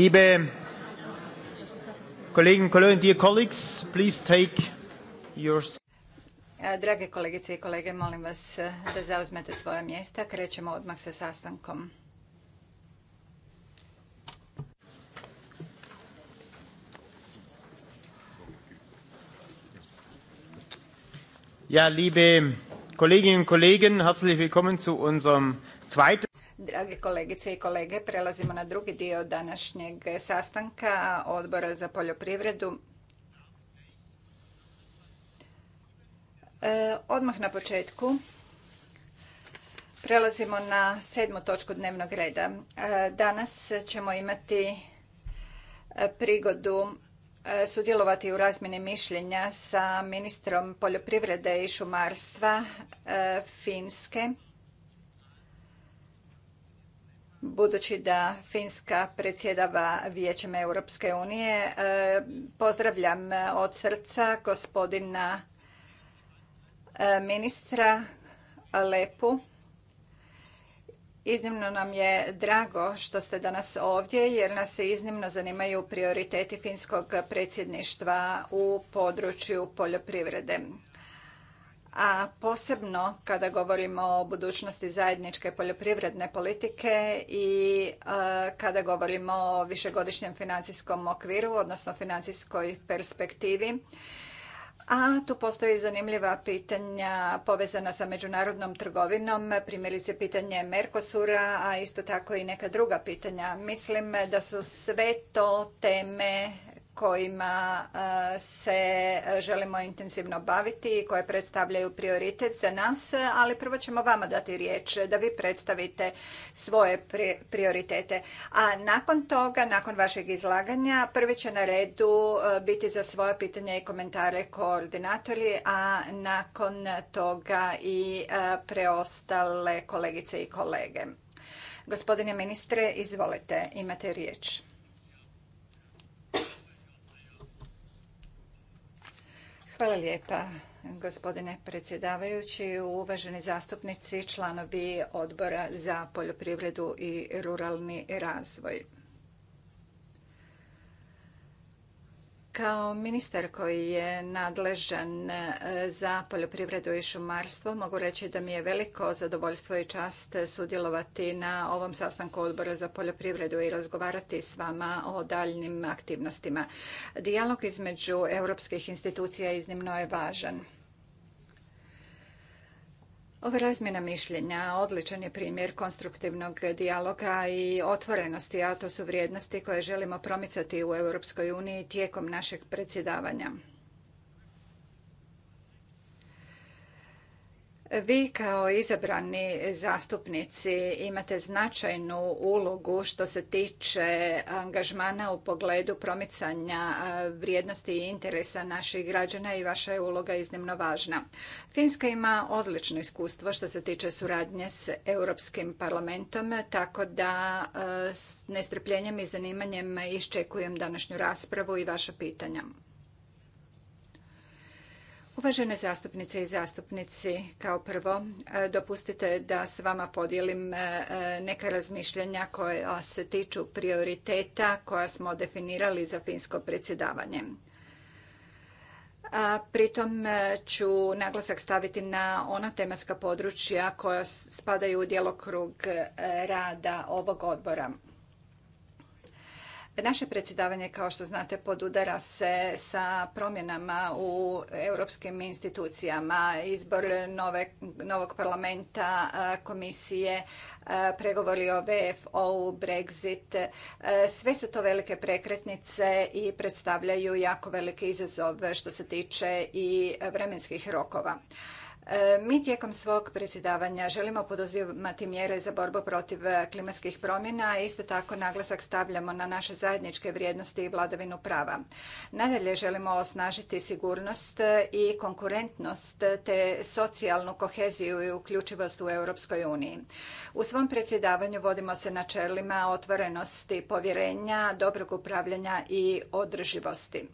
Liebe Kolleginnen und Kollegen, dear colleagues, please take your... Drage kolegice i kolege, molim vas eh, da zauzmete svoja mjesta. Krećemo odmah sa sastankom. Ja, liebe Kolleginnen und Kollegen, herzlich willkommen zu unserem zweiten Drage kolegice i kolege, prelazimo na drugi dio današnjeg sastanka Odbora za poljoprivredu. E, odmah na početku prelazimo na sedmu točku dnevnog reda. E, danas ćemo imati e, prigodu sudjelovati u razmjeni mišljenja sa ministrom poljoprivrede i šumarstva Finske Budući da Finska predsjedava Vijećem Europske unije, e, pozdravljam od srca gospodina e, ministra Lepu. Iznimno nam je drago što ste danas ovdje jer nas se iznimno zanimaju prioriteti finskog predsjedništva u području poljoprivrede a posebno kada govorimo o budućnosti zajedničke poljoprivredne politike i e, kada govorimo o višegodišnjem financijskom okviru, odnosno financijskoj perspektivi. A tu postoji zanimljiva pitanja povezana sa međunarodnom trgovinom, primjerice pitanje Merkosura, a isto tako i neka druga pitanja. Mislim da su sve to teme kojima e, se želimo intenzivno baviti i koje predstavljaju prioritet za nas, ali prvo ćemo vama dati riječ da vi predstavite svoje prioritete. A nakon toga, nakon vašeg izlaganja, prvi će na redu e, biti za svoje pitanje i komentare koordinatori, a nakon toga i e, preostale kolegice i kolege. Gospodine ministre, izvolite, imate riječ. Hvala lijepa, gospodine predsjedavajući, uvaženi zastupnici, članovi odbora za poljoprivredu i ruralni razvoj. Kao ministar koji je nadležan e, za poljoprivredu i šumarstvo mogu reći da mi je veliko zadovoljstvo i čast sudjelovati na ovom sastanku odbora za poljoprivredu i razgovarati s vama o daljnim aktivnostima. Dijalog između europskih institucija iznimno je važan. Ova razmjena mišljenja odličan je primjer konstruktivnog dijaloga i otvorenosti, a to su vrijednosti koje želimo promicati u Europskoj uniji tijekom našeg predsjedavanja. Vi kao izabrani zastupnici imate značajnu ulogu što se tiče angažmana u pogledu promicanja vrijednosti i interesa naših građana i vaša je uloga iznimno važna. Finska ima odlično iskustvo što se tiče suradnje s Europskim parlamentom, tako da s nestrpljenjem i zanimanjem iščekujem današnju raspravu i vaša pitanja. Uvažene zastupnice i zastupnici, kao prvo e, dopustite da s vama podijelim e, neka razmišljanja koja se tiču prioriteta koja smo definirali za finsko predsjedavanje. A pritom e, ću naglasak staviti na ona tematska područja koja spadaju u djelokrug rada ovog odbora. Naše predsjedavanje, kao što znate, podudara se sa promjenama u europskim institucijama, izbor novog parlamenta, komisije, pregovori o VFO-u, Brexit. Sve su to velike prekretnice i predstavljaju jako veliki izazove što se tiče i vremenskih rokova. E, mi tijekom svog predsjedavanja želimo poduzimati mjere za borbu protiv e, klimatskih promjena, i isto tako naglasak stavljamo na naše zajedničke vrijednosti i vladavinu prava. Nadalje želimo osnažiti sigurnost e, i konkurentnost te socijalnu koheziju i uključivost u Europskoj uniji. U svom predsjedavanju vodimo se načelima otvorenosti, povjerenja, dobrog upravljanja i održivosti.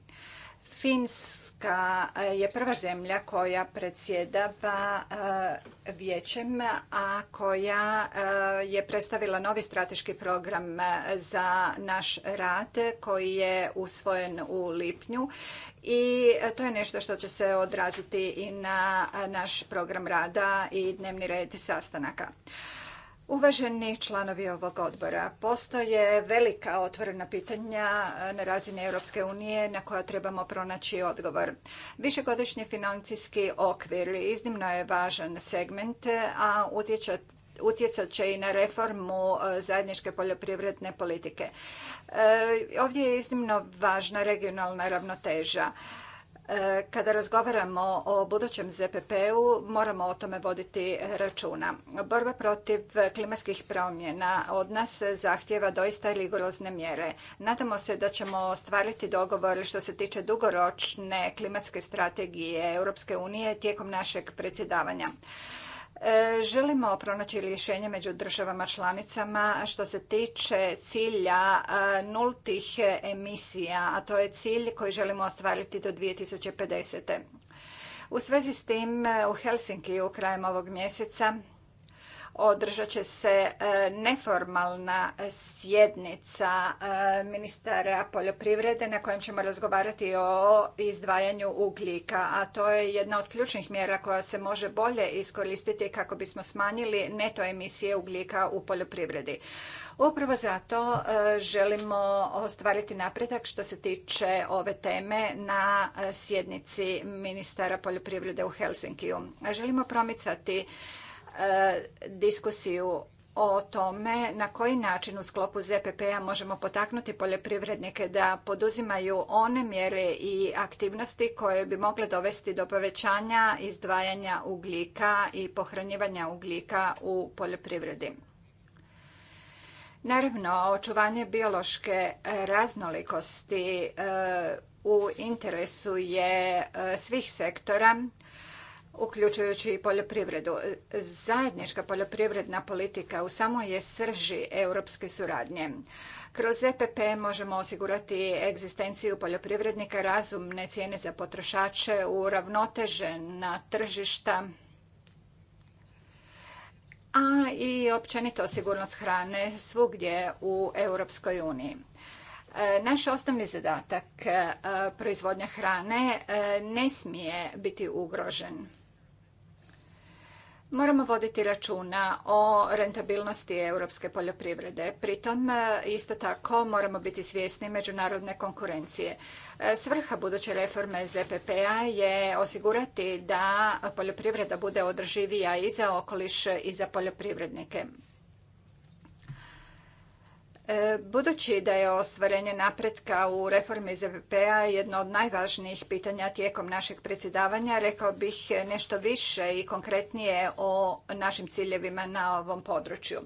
Fins Hrvatska eh, je prva zemlja koja predsjedava eh, vijećem, a koja eh, je predstavila novi strateški program za naš rad koji je usvojen u lipnju i to je nešto što će se odraziti i na naš program rada i dnevni red sastanaka. Uvaženi članovi ovog odbora, postoje velika otvorena pitanja na razini Europske unije na koja trebamo pronaći odgovor. Višegodišnji financijski okvir iznimno je važan segment, a utječe utjecat će i na reformu e, zajedničke poljoprivredne politike. E, ovdje je iznimno važna regionalna ravnoteža. E, kada razgovaramo o budućem ZPP-u moramo o tome voditi računa. Borba protiv klimatskih promjena od nas zahtjeva doista rigorozne mjere. Nadamo se da ćemo ostvariti dogovore što se tiče dugoročne klimatske strategije Europske unije tijekom našeg predsjedavanja. E, želimo pronaći rješenje među državama članicama što se tiče cilja e, nultih emisija, a to je cilj koji želimo ostvariti do 2050. U svezi s tim e, u Helsinkiju krajem ovog mjeseca održat će se e, neformalna sjednica e, ministara poljoprivrede na kojem ćemo razgovarati o izdvajanju ugljika, a to je jedna od ključnih mjera koja se može bolje iskoristiti kako bismo smanjili neto emisije ugljika u poljoprivredi. Upravo zato e, želimo ostvariti napredak što se tiče ove teme na sjednici ministara poljoprivrede u Helsinkiju. Želimo promicati E, diskusiju o tome na koji način u sklopu ZPP-a možemo potaknuti poljoprivrednike da poduzimaju one mjere i aktivnosti koje bi mogle dovesti do povećanja izdvajanja ugljika i pohranjivanja ugljika u poljoprivredi. Naravno, očuvanje biološke raznolikosti e, u interesu je e, svih sektora uključujući i poljoprivredu. Zajednička poljoprivredna politika u samoj je srži europske suradnje. Kroz EPP možemo osigurati egzistenciju poljoprivrednika, razumne cijene za potrošače, uravnotežena tržišta, a i općenito sigurnost hrane svugdje u Europskoj uniji. Naš osnovni zadatak e, proizvodnja hrane e, ne smije biti ugrožen. Moramo voditi računa o rentabilnosti europske poljoprivrede. Pritom e, isto tako moramo biti svjesni međunarodne konkurencije. E, svrha buduće reforme ZPP-a je osigurati da poljoprivreda bude održivija i za okoliš i za poljoprivrednike. E, budući da je ostvarenje napretka u reformi zvp a p-a jedno od najvažnijih pitanja tijekom našeg predsjedavanja, rekao bih nešto više i konkretnije o našim ciljevima na ovom području.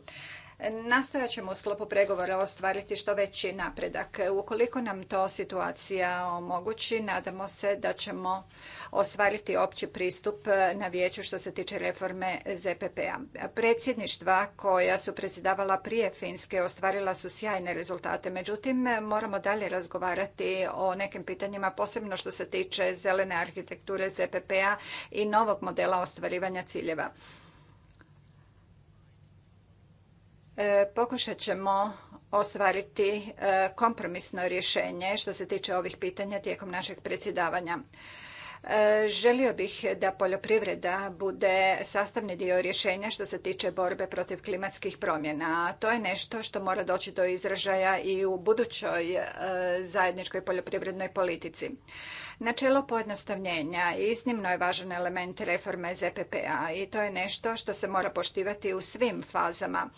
Nastojat ćemo u sklopu pregovora ostvariti što veći napredak. Ukoliko nam to situacija omogući, nadamo se da ćemo ostvariti opći pristup eh, na vijeću što se tiče reforme ZPP-a. Predsjedništva koja su predsjedavala prije Finske ostvarila su sjajne rezultate, međutim eh, moramo dalje razgovarati o nekim pitanjima, posebno što se tiče zelene arhitekture ZPP-a i novog modela ostvarivanja ciljeva. Eh, pokušat ćemo ostvariti kompromisno rješenje što se tiče ovih pitanja tijekom našeg predsjedavanja. E, želio bih da poljoprivreda bude sastavni dio rješenja što se tiče borbe protiv klimatskih promjena. A to je nešto što mora doći do izražaja i u budućoj e, zajedničkoj poljoprivrednoj politici. Načelo pojednostavljenja iznimno je važan element reforme ZPPA i to je nešto što se mora poštivati u svim fazama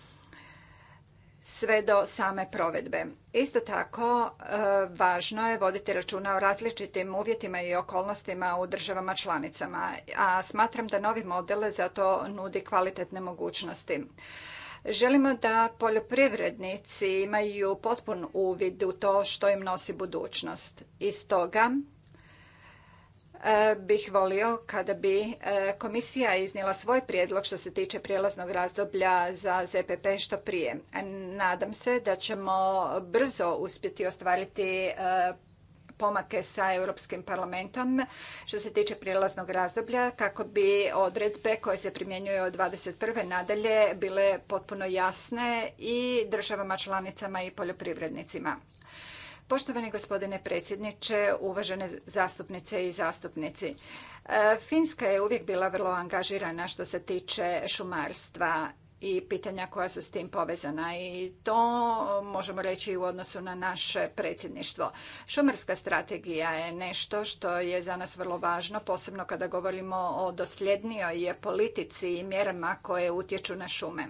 sve do same provedbe. Isto tako, e, važno je voditi računa o različitim uvjetima i okolnostima u državama članicama, a smatram da novi model za to nudi kvalitetne mogućnosti. Želimo da poljoprivrednici imaju potpun uvid u to što im nosi budućnost. I stoga bih volio kada bi e, komisija iznijela svoj prijedlog što se tiče prijelaznog razdoblja za ZPP što prije. Nadam se da ćemo brzo uspjeti ostvariti e, pomake sa Europskim parlamentom što se tiče prijelaznog razdoblja kako bi odredbe koje se primjenjuju od 21. nadalje bile potpuno jasne i državama članicama i poljoprivrednicima. Poštovani gospodine predsjedniče, uvažene zastupnice i zastupnici. E, Finska je uvijek bila vrlo angažirana što se tiče šumarstva i pitanja koja su s tim povezana i to možemo reći i u odnosu na naše predsjedništvo. Šumarska strategija je nešto što je za nas vrlo važno, posebno kada govorimo o dosljednijoj politici i mjerama koje utječu na šume.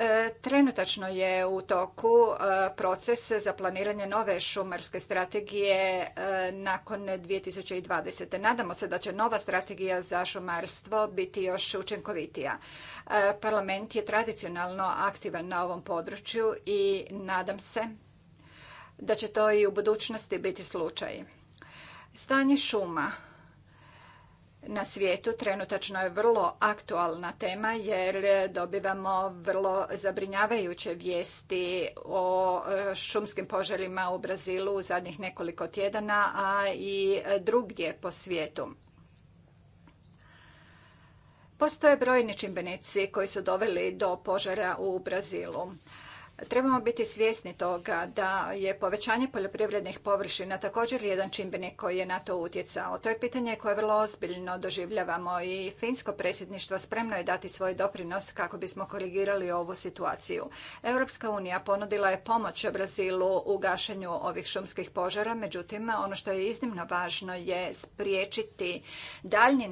E, trenutačno je u toku e, proces za planiranje nove šumarske strategije e, nakon 2020. Nadamo se da će nova strategija za šumarstvo biti još učinkovitija. Parlament je tradicionalno aktivan na ovom području i nadam se da će to i u budućnosti biti slučaj. Stanje šuma na svijetu trenutačno je vrlo aktualna tema jer dobivamo vrlo zabrinjavajuće vijesti o e, šumskim požarima u Brazilu u zadnjih nekoliko tjedana, a i drugdje po svijetu. Postoje brojni čimbenici koji su doveli do požara u Brazilu. Trebamo biti svjesni toga da je povećanje poljoprivrednih površina također jedan čimbenik koji je na to utjecao. To je pitanje koje vrlo ozbiljno doživljavamo i finsko predsjedništvo spremno je dati svoj doprinos kako bismo korigirali ovu situaciju. Europska unija ponudila je pomoć Brazilu u gašenju ovih šumskih požara, međutim ono što je iznimno važno je spriječiti daljnji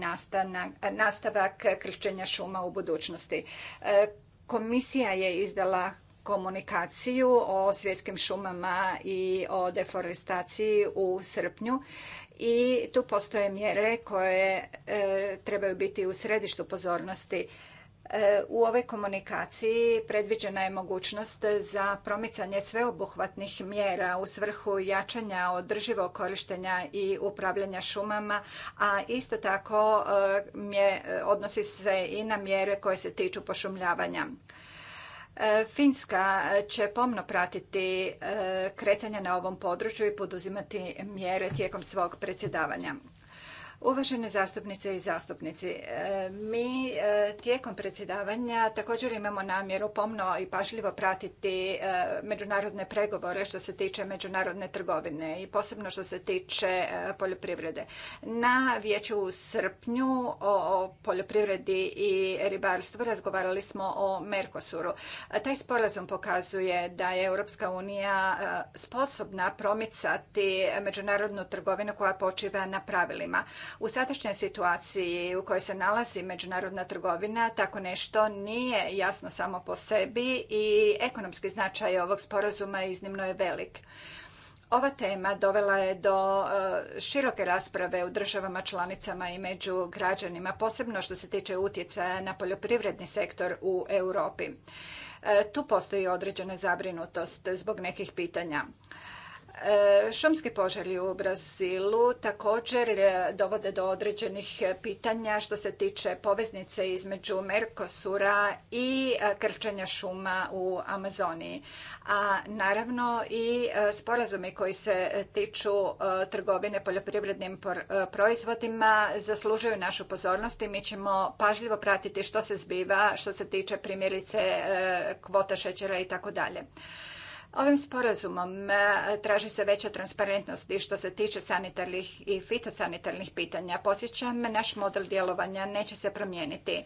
nastavak krčenja šuma u budućnosti. E, komisija je izdala komunikaciju o svjetskim šumama i o deforestaciji u srpnju i tu postoje mjere koje e, trebaju biti u središtu pozornosti. E, u ovoj komunikaciji predviđena je mogućnost za promicanje sveobuhvatnih mjera u svrhu jačanja održivog korištenja i upravljanja šumama, a isto tako e, odnosi se i na mjere koje se tiču pošumljavanja. E, Finska će pomno pratiti e, kretanja na ovom području i poduzimati mjere tijekom svog predsjedavanja. Uvažene zastupnice i zastupnici, e, mi e, tijekom predsjedavanja također imamo namjeru pomno i pažljivo pratiti e, međunarodne pregovore što se tiče međunarodne trgovine i posebno što se tiče poljoprivrede. Na vijeću u srpnju o poljoprivredi i ribarstvu razgovarali smo o Mercosuru. Taj sporazum pokazuje da je Europska unija sposobna promicati međunarodnu trgovinu koja počiva na pravilima. U sadašnjoj situaciji u kojoj se nalazi međunarodna trgovina tako nešto nije jasno samo po sebi i ekonomski značaj ovog sporazuma iznimno je velik. Ova tema dovela je do e, široke rasprave u državama članicama i među građanima, posebno što se tiče utjecaja na poljoprivredni sektor u Europi. E, tu postoji određena zabrinutost zbog nekih pitanja. E, šumski požari u Brazilu također e, dovode do određenih pitanja što se tiče poveznice između Merkosura i e, krčenja šuma u Amazoniji. A naravno i sporazumi koji se tiču trgovine poljoprivrednim proizvodima zaslužuju našu pozornost i mi ćemo pažljivo pratiti što se zbiva što se tiče primjerice kvota šećera i tako dalje. Ovim sporazumom e, traži se veća transparentnost i što se tiče sanitarnih i fitosanitarnih pitanja. Podsjećam, naš model djelovanja neće se promijeniti.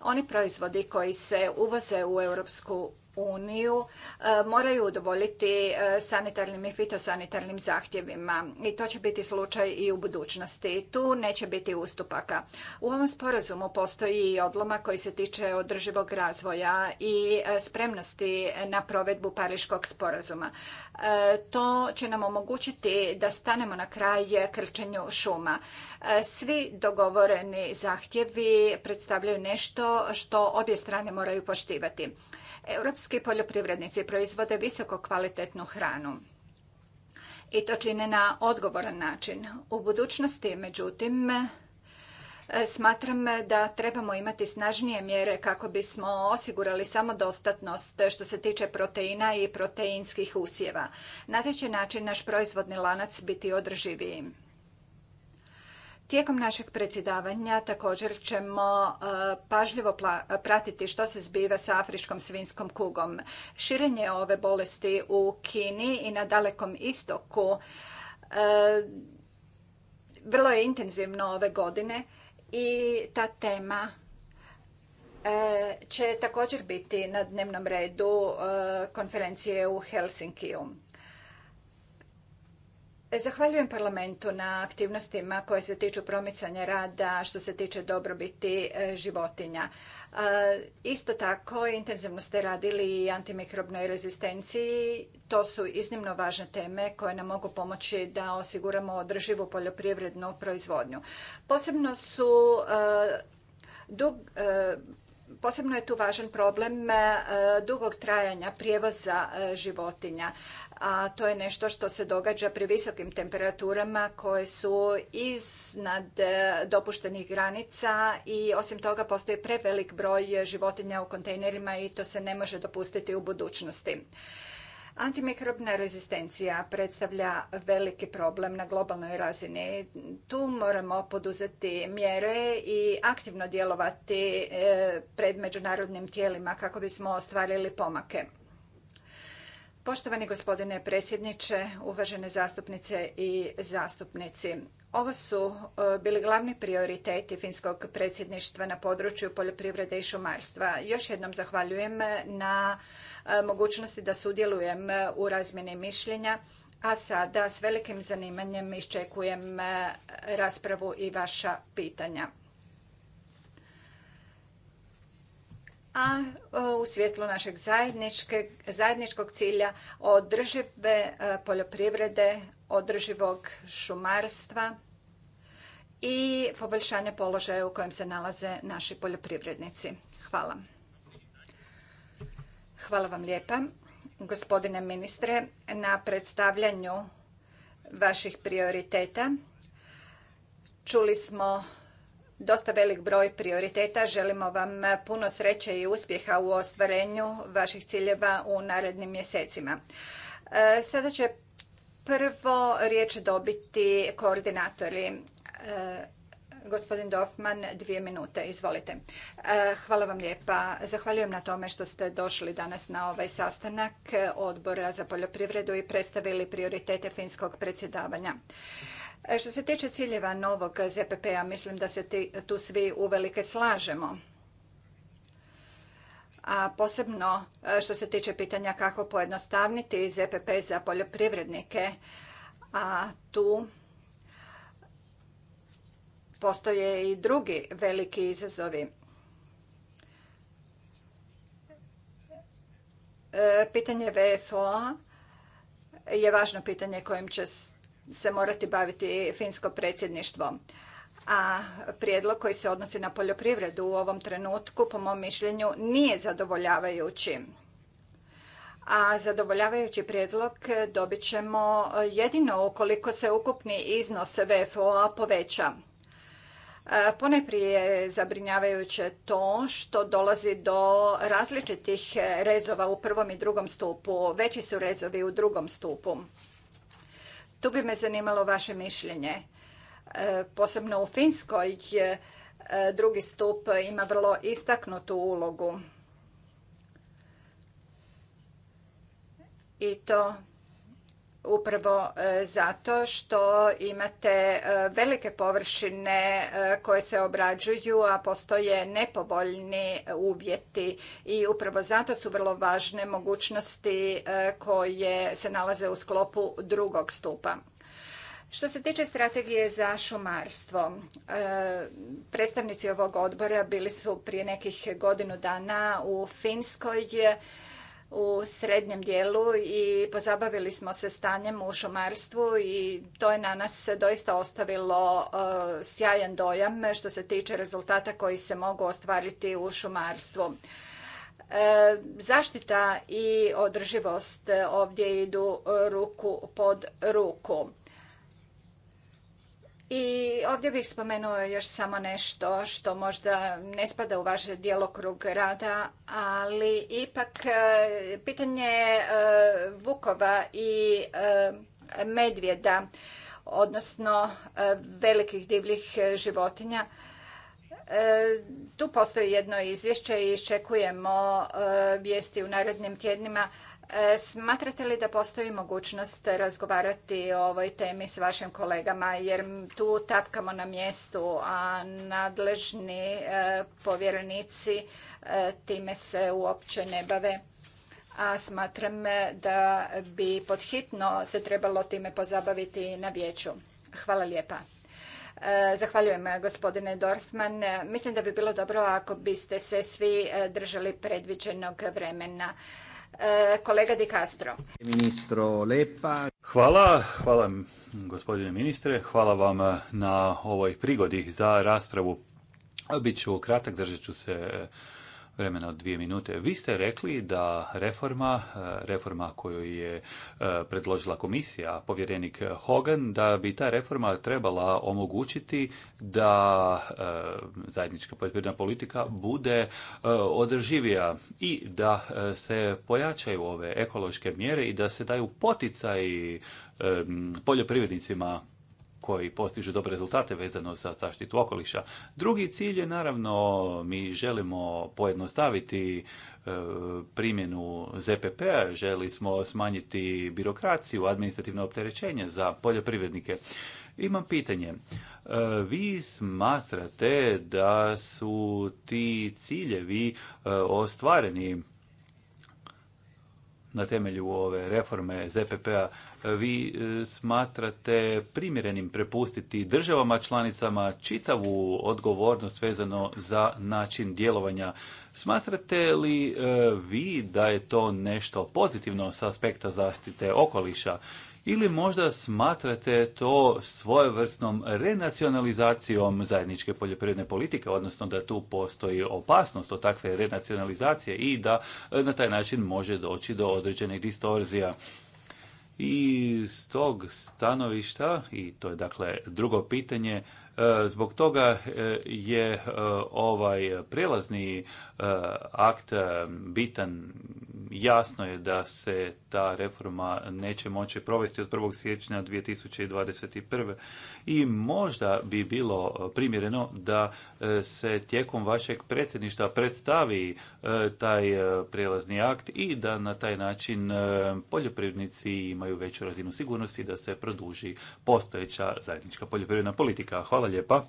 Oni proizvodi koji se uvoze u Europsku uniju e, moraju udovoljiti e, sanitarnim i fitosanitarnim zahtjevima i to će biti slučaj i u budućnosti. Tu neće biti ustupaka. U ovom sporazumu postoji i odloma koji se tiče održivog razvoja i e, spremnosti na provedbu Pariškog sporazuma. To će nam omogućiti da stanemo na kraj krčenju šuma. Svi dogovoreni zahtjevi predstavljaju nešto što obje strane moraju poštivati. Europski poljoprivrednici proizvode visoko kvalitetnu hranu i to čine na odgovoran način. U budućnosti, međutim, smatram da trebamo imati snažnije mjere kako bismo osigurali samodostatnost što se tiče proteina i proteinskih usjeva. Na taj će način naš proizvodni lanac biti održiviji. Tijekom našeg predsjedavanja također ćemo e, pažljivo pratiti što se zbiva sa afričkom svinskom kugom. Širenje ove bolesti u Kini i na dalekom istoku e, vrlo je intenzivno ove godine i ta tema e, će također biti na dnevnom redu konferencije u Helsinkiju. Zahvaljujem parlamentu na aktivnostima koje se tiču promicanja rada što se tiče dobrobiti e, životinja. E, isto tako, intenzivno ste radili i antimikrobnoj rezistenciji. To su iznimno važne teme koje nam mogu pomoći da osiguramo održivu poljoprivrednu proizvodnju. Posebno su e, dug, Posebno je tu važan problem dugog trajanja prijevoza životinja a to je nešto što se događa pri visokim temperaturama koje su iznad e, dopuštenih granica i osim toga postoji prevelik broj životinja u kontejnerima i to se ne može dopustiti u budućnosti. Antimikrobna rezistencija predstavlja veliki problem na globalnoj razini. Tu moramo poduzeti mjere i aktivno djelovati e, pred međunarodnim tijelima kako bismo ostvarili pomake. Poštovani gospodine predsjedniče, uvažene zastupnice i zastupnici. Ovo su e, bili glavni prioriteti finskog predsjedništva na području poljoprivrede i šumarstva. Još jednom zahvaljujem na e, mogućnosti da sudjelujem u razmjeni mišljenja, a sada s velikim zanimanjem iščekujem e, raspravu i vaša pitanja. a e, u svjetlu našeg zajedničkog cilja održive e, poljoprivrede, održivog šumarstva i poboljšanje položaja u kojem se nalaze naši poljoprivrednici. Hvala. Hvala vam lijepa, gospodine ministre, na predstavljanju vaših prioriteta. Čuli smo dosta velik broj prioriteta. Želimo vam puno sreće i uspjeha u ostvarenju vaših ciljeva u narednim mjesecima. E, sada će prvo riječ dobiti koordinatori. E, gospodin Dofman, dvije minute, izvolite. E, hvala vam lijepa. Zahvaljujem na tome što ste došli danas na ovaj sastanak Odbora za poljoprivredu i predstavili prioritete finskog predsjedavanja. E, što se tiče ciljeva novog ZPP-a, mislim da se tu svi uvelike slažemo. A posebno e, što se tiče pitanja kako pojednostavniti ZPP za poljoprivrednike, a tu postoje i drugi veliki izazovi. E, pitanje VFO-a je važno pitanje kojim će se morati baviti finsko predsjedništvo. A prijedlog koji se odnosi na poljoprivredu u ovom trenutku, po mom mišljenju, nije zadovoljavajući. A zadovoljavajući prijedlog dobit ćemo jedino ukoliko se ukupni iznos VFO-a poveća. E, Poneprije zabrinjavajuće to što dolazi do različitih rezova u prvom i drugom stupu. Veći su rezovi u drugom stupu. Tu bi me zanimalo vaše mišljenje. E, posebno u Finskoj e, drugi stup ima vrlo istaknutu ulogu. I to upravo e, zato što imate e, velike površine e, koje se obrađuju, a postoje nepovoljni uvjeti i upravo zato su vrlo važne mogućnosti koje se nalaze u sklopu drugog stupa. Što se tiče strategije za šumarstvo, predstavnici ovog odbora bili su prije nekih godinu dana u Finskoj u srednjem dijelu i pozabavili smo se stanjem u šumarstvu i to je na nas doista ostavilo e, sjajan dojam što se tiče rezultata koji se mogu ostvariti u šumarstvu. E, zaštita i održivost ovdje idu ruku pod ruku. I ovdje bih spomenuo još samo nešto što možda ne spada u vaš djelokrug rada, ali ipak e, pitanje e, Vukova i e, medvjeda, odnosno velikih divljih životinja. Tu postoji jedno izvješće i iščekujemo vijesti u narednim tjednima E, smatrate li da postoji mogućnost razgovarati o ovoj temi s vašim kolegama jer tu tapkamo na mjestu, a nadležni e, povjerenici e, time se uopće ne bave? a smatram da bi podhitno se trebalo time pozabaviti na vijeću. Hvala lijepa. Zahvaljujem gospodine Dorfman. Mislim da bi bilo dobro ako biste se svi držali predviđenog vremena. Eh, kolega Di Castro. Ministro Lepa. Hvala, hvala gospodine ministre, hvala vam na ovoj prigodi za raspravu. Biću kratak, držat ću se vremena od dvije minute. Vi ste rekli da reforma, e, reforma koju je e, predložila komisija, povjerenik Hogan, da bi ta reforma trebala omogućiti da e, zajednička poljoprivredna politika bude održivija i da se pojačaju ove ekološke mjere i da se daju poticaji poljoprivrednicima koji postižu dobre rezultate vezano za zaštitu okoliša. Drugi cilj je naravno mi želimo pojednostaviti e, primjenu ZPP-a, želi smo smanjiti birokraciju, administrativno opterećenje za poljoprivrednike. Imam pitanje. E, vi smatrate da su ti ciljevi e, ostvareni na temelju ove reforme ZPP-a vi e, smatrate primjerenim prepustiti državama članicama čitavu odgovornost vezano za način djelovanja. Smatrate li e, vi da je to nešto pozitivno sa aspekta zaštite okoliša? Ili možda smatrate to svojevrsnom renacionalizacijom zajedničke poljoprivredne politike, odnosno da tu postoji opasnost od takve renacionalizacije i da e, na taj način može doći do određenih distorzija. I s tog stanovišta, i to je dakle drugo pitanje, E, zbog toga e, je e, ovaj prelazni akt bitan. Jasno je da se ta reforma neće moći provesti od 1. siječnja 2021. I možda bi bilo primjereno da se tijekom vašeg predsjedništva predstavi taj prelazni akt i da na taj način poljoprivrednici imaju veću razinu sigurnosti da se produži postojeća zajednička poljoprivredna politika. Hvala lijepa.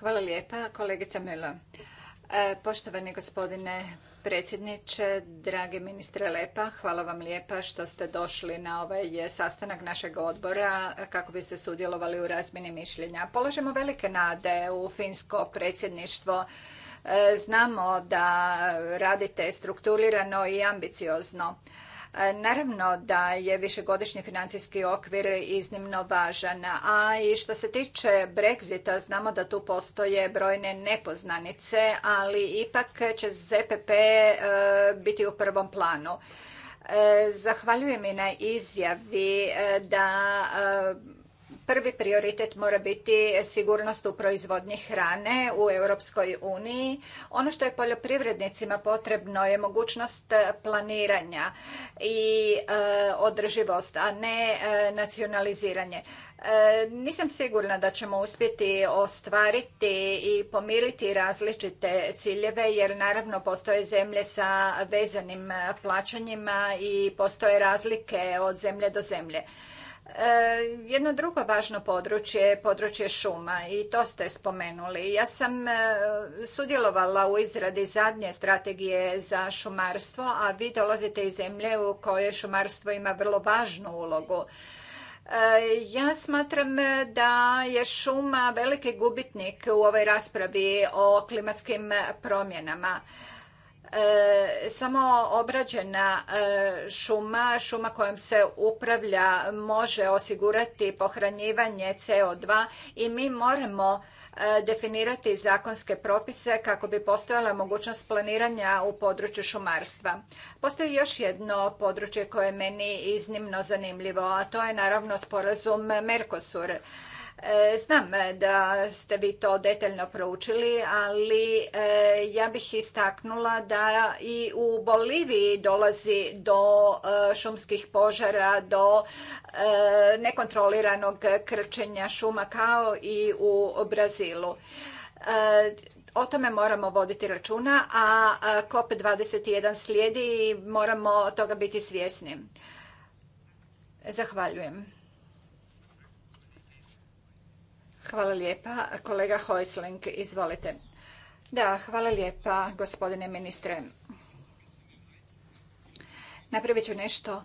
Hvala lijepa, kolegica Mela. E, poštovani gospodine predsjedniče, dragi ministre Lepa, hvala vam lijepa što ste došli na ovaj sastanak našeg odbora kako biste sudjelovali u razmini mišljenja. Položimo velike nade u finsko predsjedništvo. E, znamo da radite strukturirano i ambiciozno. E, naravno da je višegodišnji financijski okvir iznimno važan, a i što se tiče Brexita znamo da tu postoje brojne nepoznanice, ali ipak će ZPP e, biti u prvom planu. E, zahvaljujem i na izjavi da prvi prioritet mora biti sigurnost u proizvodnji hrane u Europskoj uniji. Ono što je poljoprivrednicima potrebno je mogućnost planiranja i e, održivost, a ne e, nacionaliziranje. E, nisam sigurna da ćemo uspjeti ostvariti i pomiriti različite ciljeve jer naravno postoje zemlje sa vezanim plaćanjima i postoje razlike od zemlje do zemlje. E, jedno drugo važno područje je područje šuma i to ste spomenuli. Ja sam e, sudjelovala u izradi zadnje strategije za šumarstvo, a vi dolazite iz zemlje u kojoj šumarstvo ima vrlo važnu ulogu. E, ja smatram da je šuma veliki gubitnik u ovoj raspravi o klimatskim promjenama. E, samo obrađena e, šuma, šuma kojom se upravlja može osigurati pohranjivanje CO2 i mi moramo e, definirati zakonske propise kako bi postojala mogućnost planiranja u području šumarstva. Postoji još jedno područje koje je meni iznimno zanimljivo, a to je naravno sporazum Mercosur. E, znam da ste vi to detaljno proučili, ali e, ja bih istaknula da i u Boliviji dolazi do e, šumskih požara, do nekontroliranog krčenja šuma kao i u Brazilu. O tome moramo voditi računa, a COP21 slijedi i moramo toga biti svjesni. Zahvaljujem. Hvala lijepa. Kolega Hojsling, izvolite. Da, hvala lijepa gospodine ministre. Napravit ću nešto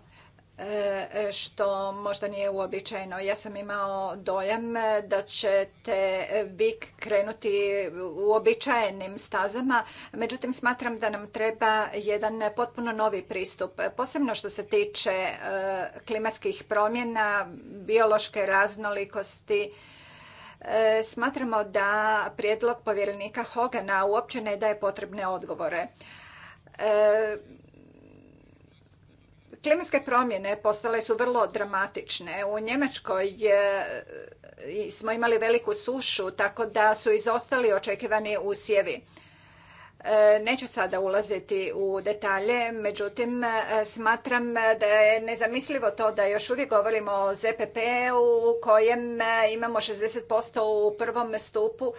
e, što možda nije uobičajeno. Ja sam imao dojam da ćete vi krenuti uobičajenim stazama, međutim smatram da nam treba jedan potpuno novi pristup, posebno što se tiče e, klimatskih promjena, biološke raznolikosti, E, smatramo da prijedlog povjerenika Hogana uopće ne daje potrebne odgovore. E, klimatske promjene postale su vrlo dramatične. U Njemačkoj smo imali veliku sušu, tako da su izostali očekivani usjevi. E, neću sada ulaziti u detalje, međutim e, smatram da je nezamislivo to da još uvijek govorimo o ZPP u kojem e, imamo 60% u prvom stupu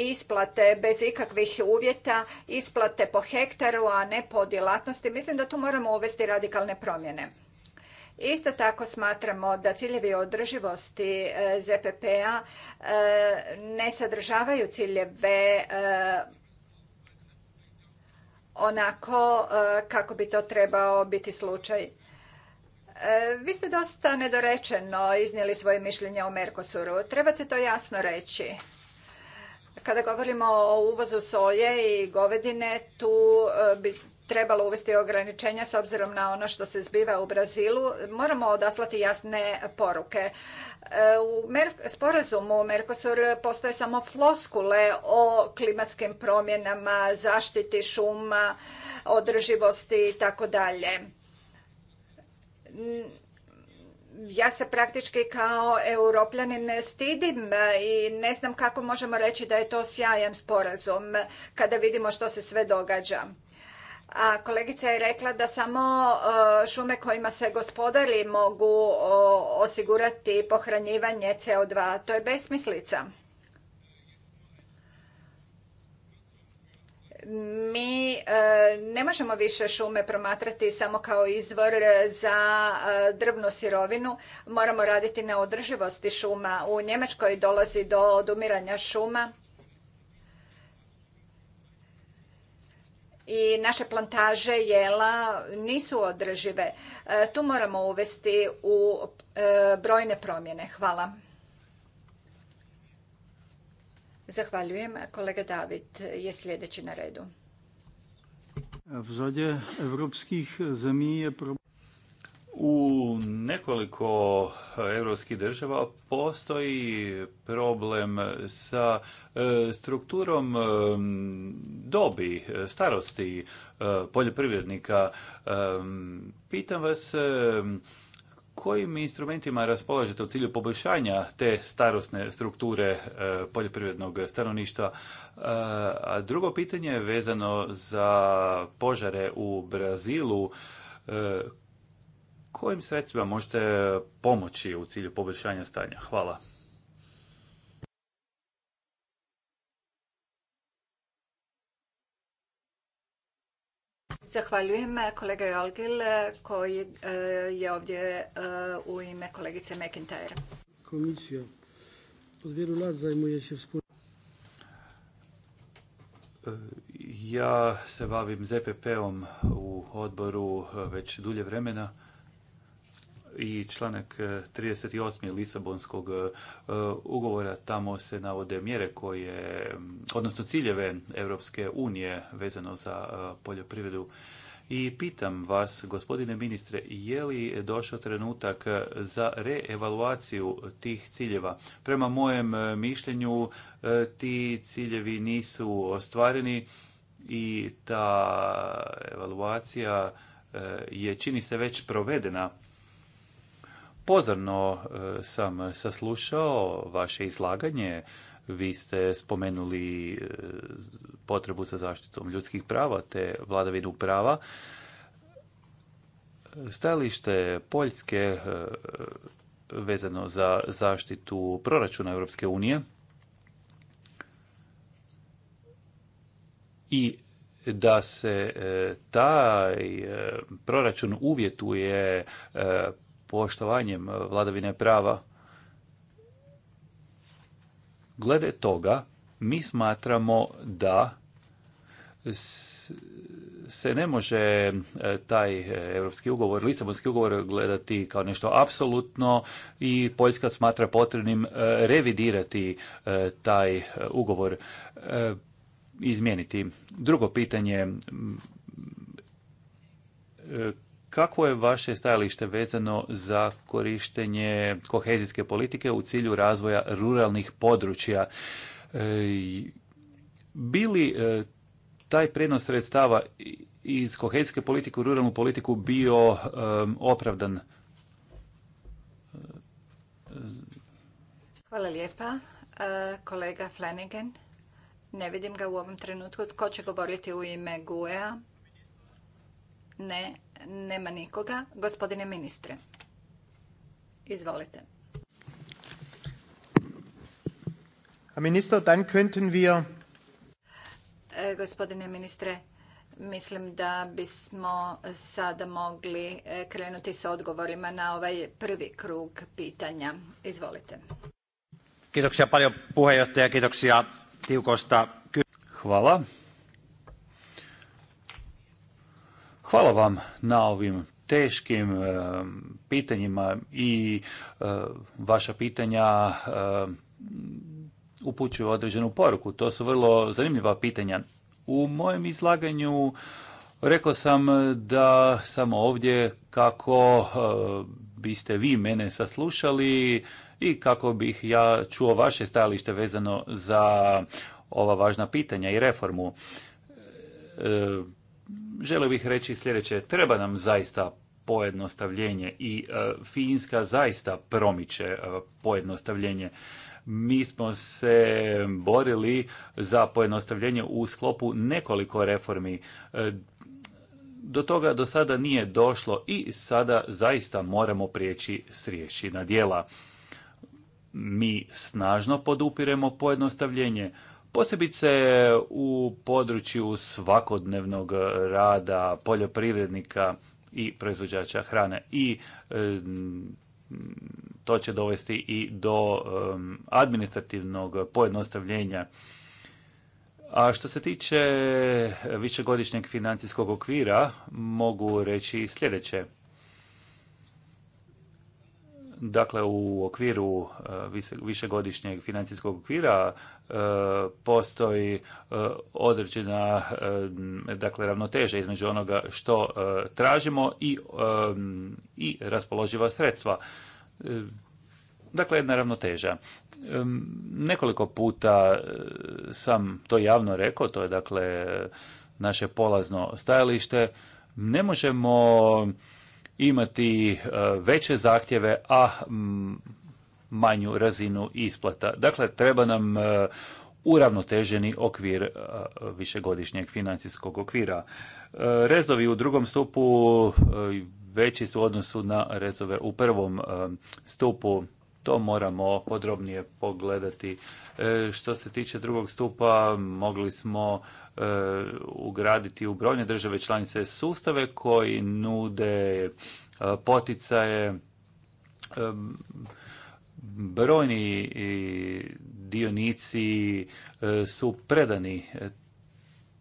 isplate bez ikakvih uvjeta, isplate po hektaru, a ne po djelatnosti. Mislim da tu moramo uvesti radikalne promjene. Isto tako smatramo da ciljevi održivosti ZPP-a ne sadržavaju ciljeve onako e, kako bi to trebao biti slučaj. E, vi ste dosta nedorečeno iznijeli svoje mišljenje o Merkosuru. Trebate to jasno reći. Kada govorimo o uvozu soje i govedine, tu e, bi trebalo uvesti ograničenja s obzirom na ono što se zbiva u Brazilu, moramo odaslati jasne poruke. E, u sporazumu Mercosur postoje samo floskule o klimatskim promjenama, zaštiti šuma, održivosti i tako dalje ja se praktički kao europljanin ne stidim i ne znam kako možemo reći da je to sjajan sporazum kada vidimo što se sve događa a kolegica je rekla da samo e, šume kojima se gospodari mogu osigurati pohranjivanje CO2. To je besmislica. Mi e, ne možemo više šume promatrati samo kao izvor za e, drvnu sirovinu. Moramo raditi na održivosti šuma. U Njemačkoj dolazi do odumiranja šuma i naše plantaže jela nisu održive. E, tu moramo uvesti u e, brojne promjene. Hvala. Zahvaljujem. Kolega David je sljedeći na redu. W evropskih zemlji je u nekoliko europskih država postoji problem sa e, strukturom e, dobi, starosti e, poljoprivrednika. Pitam vas kojim instrumentima raspolažete u cilju poboljšanja te starosne strukture poljoprivrednog stanovništva? A drugo pitanje je vezano za požare u Brazilu kojim sredstvima možete pomoći u cilju poboljšanja stanja? Hvala. Zahvaljujem e, kolega Jolgil e, koji e, je ovdje u ime kolegice McIntyre. Komisija se Ja se bavim ZPP-om u odboru već dulje vremena i članak 38. E, Lisabonskog e, e, ugovora tamo se navode mjere koje, odnosno ciljeve Europske unije vezano za poljoprivredu. I pitam vas, gospodine ministre, je li došao trenutak za reevaluaciju tih ciljeva? Prema mojem mišljenju, ti ciljevi nisu ostvareni i ta evaluacija je, čini se, već provedena pozorno e, sam saslušao vaše izlaganje. Vi ste spomenuli e, potrebu za zaštitom ljudskih prava te vladavinu prava. Stajalište Poljske e, vezano za zaštitu proračuna Europske unije i da se taj proračun uvjetuje poštovanjem e, vladavine prava. Glede toga, mi smatramo da se ne može e, taj europski ugovor, Lisabonski ugovor gledati kao nešto apsolutno i Poljska smatra potrebnim e, revidirati taj ugovor, izmijeniti. Drugo pitanje kako je vaše stajalište vezano za korištenje kohezijske politike u cilju razvoja ruralnih područja? E, Bili e, taj prijenos sredstava iz kohezijske politike u ruralnu politiku bio e, opravdan? Hvala lijepa. Kolega Flanagan, ne vidim ga u ovom trenutku. Tko će govoriti u ime GUE-a? Ne. Nema nikoga. Gospodine ministre, izvolite. dann könnten wir... E, gospodine ministre, mislim da bismo sada mogli e, krenuti sa odgovorima na ovaj prvi krug pitanja. Izvolite. Kiitoksia paljon puheenjohtaja, kiitoksia tiukosta. Hvala Hvala vam na ovim teškim eh, pitanjima i eh, vaša pitanja eh, upućuju određenu poruku. To su vrlo zanimljiva pitanja. U mojem izlaganju rekao sam da samo ovdje kako biste vi mene saslušali i kako bih ja čuo vaše stajalište vezano za ova važna pitanja i reformu želio bih reći sljedeće. Treba nam zaista pojednostavljenje i e, Finska zaista promiče e, pojednostavljenje. Mi smo se borili za pojednostavljenje u sklopu nekoliko reformi. E, do toga do sada nije došlo i sada zaista moramo prijeći s riječi na dijela. Mi snažno podupiremo pojednostavljenje posebice u području svakodnevnog rada poljoprivrednika i proizvođača hrane i to će dovesti i do administrativnog pojednostavljenja a što se tiče višegodišnjeg financijskog okvira mogu reći sljedeće Dakle, u okviru e, višegodišnjeg financijskog okvira e, postoji e, određena dakle, ravnoteža između onoga što tražimo i, i raspoloživa sredstva. Dakle, jedna ravnoteža. Nekoliko puta sam to javno rekao, to je dakle naše polazno stajalište. Ne možemo imati e, veće zahtjeve, a manju razinu isplata. Dakle, treba nam e, uravnoteženi okvir e, višegodišnjeg financijskog okvira. Rezovi u drugom stupu veći su u odnosu na rezove u prvom stupu. To moramo podrobnije pogledati. Što se tiče drugog stupa, mogli smo E, ugraditi u brojne države članice sustave koji nude e, poticaje e, brojni dionici su predani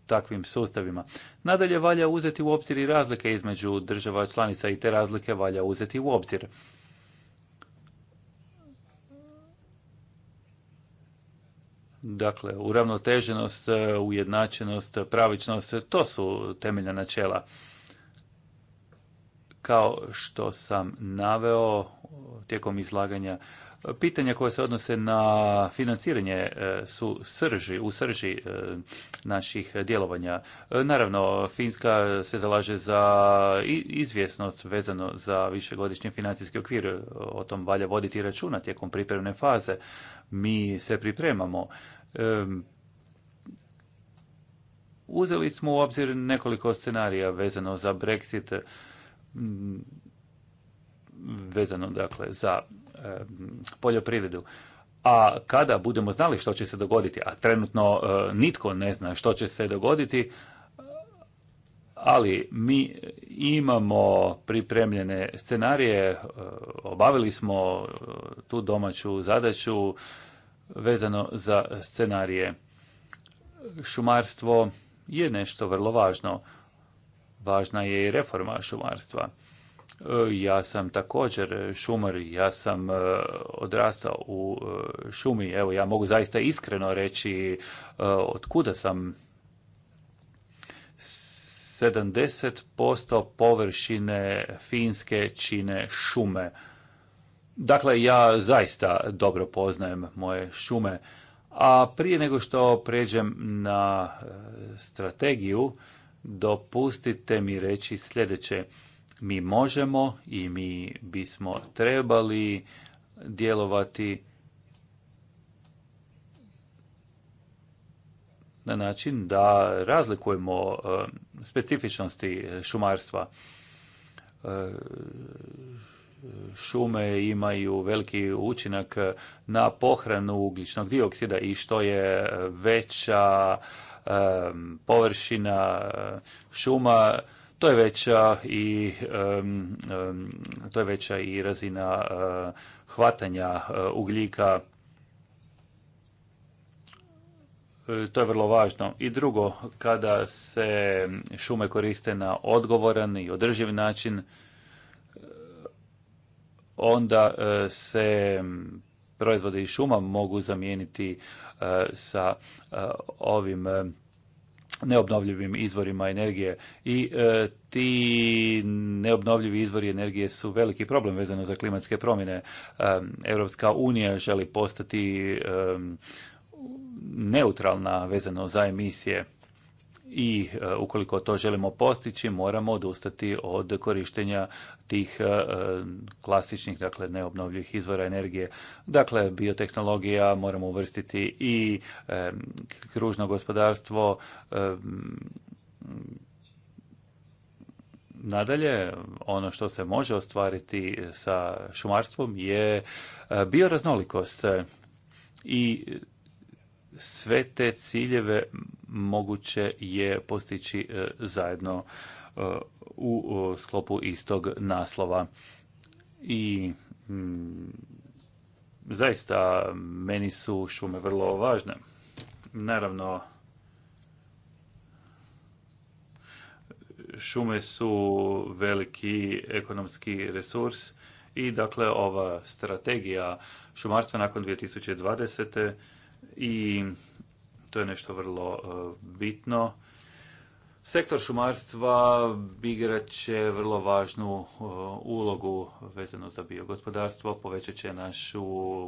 takvim sustavima. Nadalje valja uzeti u obzir i razlike između država članica i te razlike valja uzeti u obzir. Dakle, uravnoteženost, e, ujednačenost, pravičnost, to su temeljna načela. Kao što sam naveo tijekom izlaganja, pitanja koja se odnose na financiranje e, su srži, u srži e, naših djelovanja. Naravno, Finska se zalaže za izvjesnost vezano za višegodišnji financijski okvir. O tom valja voditi računa tijekom pripremne faze. Mi se pripremamo Uzeli smo u obzir nekoliko scenarija vezano za Brexit, vezano dakle za poljoprivredu. A kada budemo znali što će se dogoditi, a trenutno nitko ne zna što će se dogoditi, ali mi imamo pripremljene scenarije, obavili smo tu domaću zadaću, vezano za scenarije. Šumarstvo je nešto vrlo važno. Važna je i reforma šumarstva. E, ja sam također šumar, ja sam e, odrastao u e, šumi. Evo, ja mogu zaista iskreno reći od kuda sam 70% površine Finske čine šume Dakle, ja zaista dobro poznajem moje šume, a prije nego što pređem na e, strategiju, dopustite mi reći sljedeće. Mi možemo i mi bismo trebali djelovati na način da razlikujemo e, specifičnosti šumarstva e, šume imaju veliki učinak na pohranu ugljičnog dioksida i što je e, veća e, površina e, šuma, to je veća i, to je veća i razina hvatanja ugljika. To je vrlo važno. I drugo, kada se šume koriste na odgovoran i održiv način, onda e, se proizvode iz šuma mogu zamijeniti e, sa e, ovim neobnovljivim izvorima energije i ti neobnovljivi izvori energije su veliki problem vezano za klimatske promjene. E, Europska unija želi postati neutralna vezano za emisije i e, ukoliko to želimo postići moramo odustati od korištenja tih e, e, klasičnih dakle neobnovljivih izvora energije. Dakle biotehnologija moramo uvrstiti i kružno gospodarstvo Nadalje, ono što se može ostvariti sa šumarstvom je bioraznolikost i sve te ciljeve moguće je postići e, zajedno e, u sklopu istog naslova. I mm, zaista meni su šume vrlo važne. Naravno, šume su veliki ekonomski resurs i dakle ova strategija šumarstva nakon 2020 i to je nešto vrlo e, bitno. Sektor šumarstva igrat će vrlo važnu e, ulogu vezano za biogospodarstvo, povećat će našu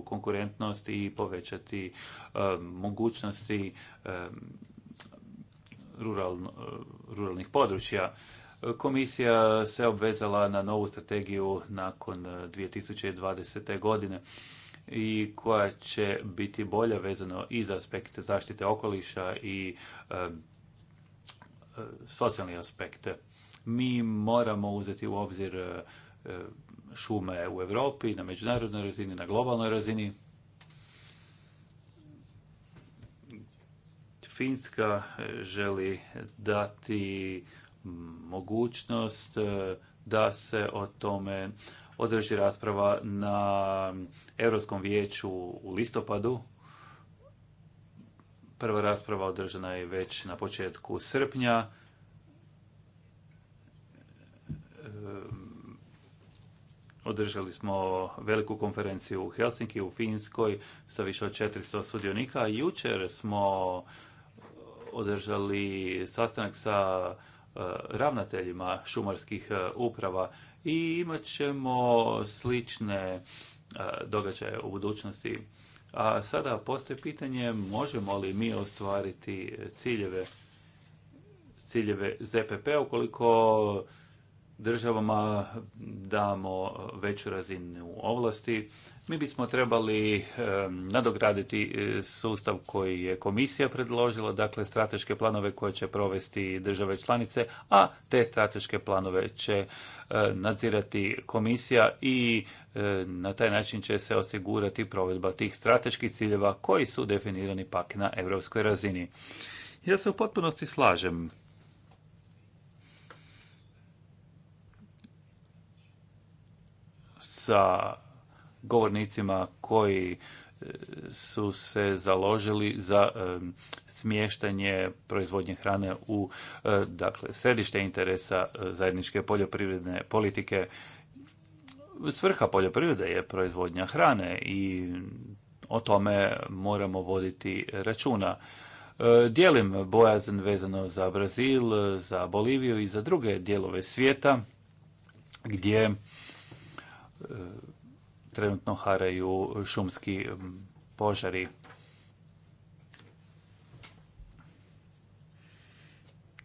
konkurentnost i povećati e, mogućnosti ruralnih područja. Komisija se obvezala na novu strategiju nakon 2020. godine i koja će biti bolja vezano i za aspekte zaštite okoliša i e, socijalni aspekte. Mi moramo uzeti u obzir e, šume u Europi, na međunarodnoj razini, na globalnoj razini. Finska e, želi dati mogućnost e, da se o tome održi rasprava na Europskom vijeću u listopadu. Prva rasprava održana je već na početku srpnja. Ehm, održali smo veliku konferenciju u Helsinki u Finskoj sa više od 400 sudionika. Jučer smo održali sastanak sa E, ravnateljima šumarskih e, uprava i imat ćemo slične e, događaje u budućnosti. A sada postoje pitanje možemo li mi ostvariti ciljeve ciljeve ZPP p-a ukoliko državama damo veću razinu ovlasti mi bismo trebali nadograditi e, sustav koji je komisija predložila, dakle strateške planove koje će provesti države članice, a te strateške planove će e, nadzirati komisija i e, na taj način će se osigurati provedba tih strateških ciljeva koji su definirani pak na europskoj razini. Ja se u potpunosti slažem sa govornicima koji e, su se založili za e, smještanje proizvodnje hrane u e, dakle, središte interesa zajedničke poljoprivredne politike. Svrha poljoprivrede je proizvodnja hrane i o tome moramo voditi računa. Dijelim bojazan vezano za Brazil, za Boliviju i za druge dijelove svijeta gdje trenutno haraju šumski požari.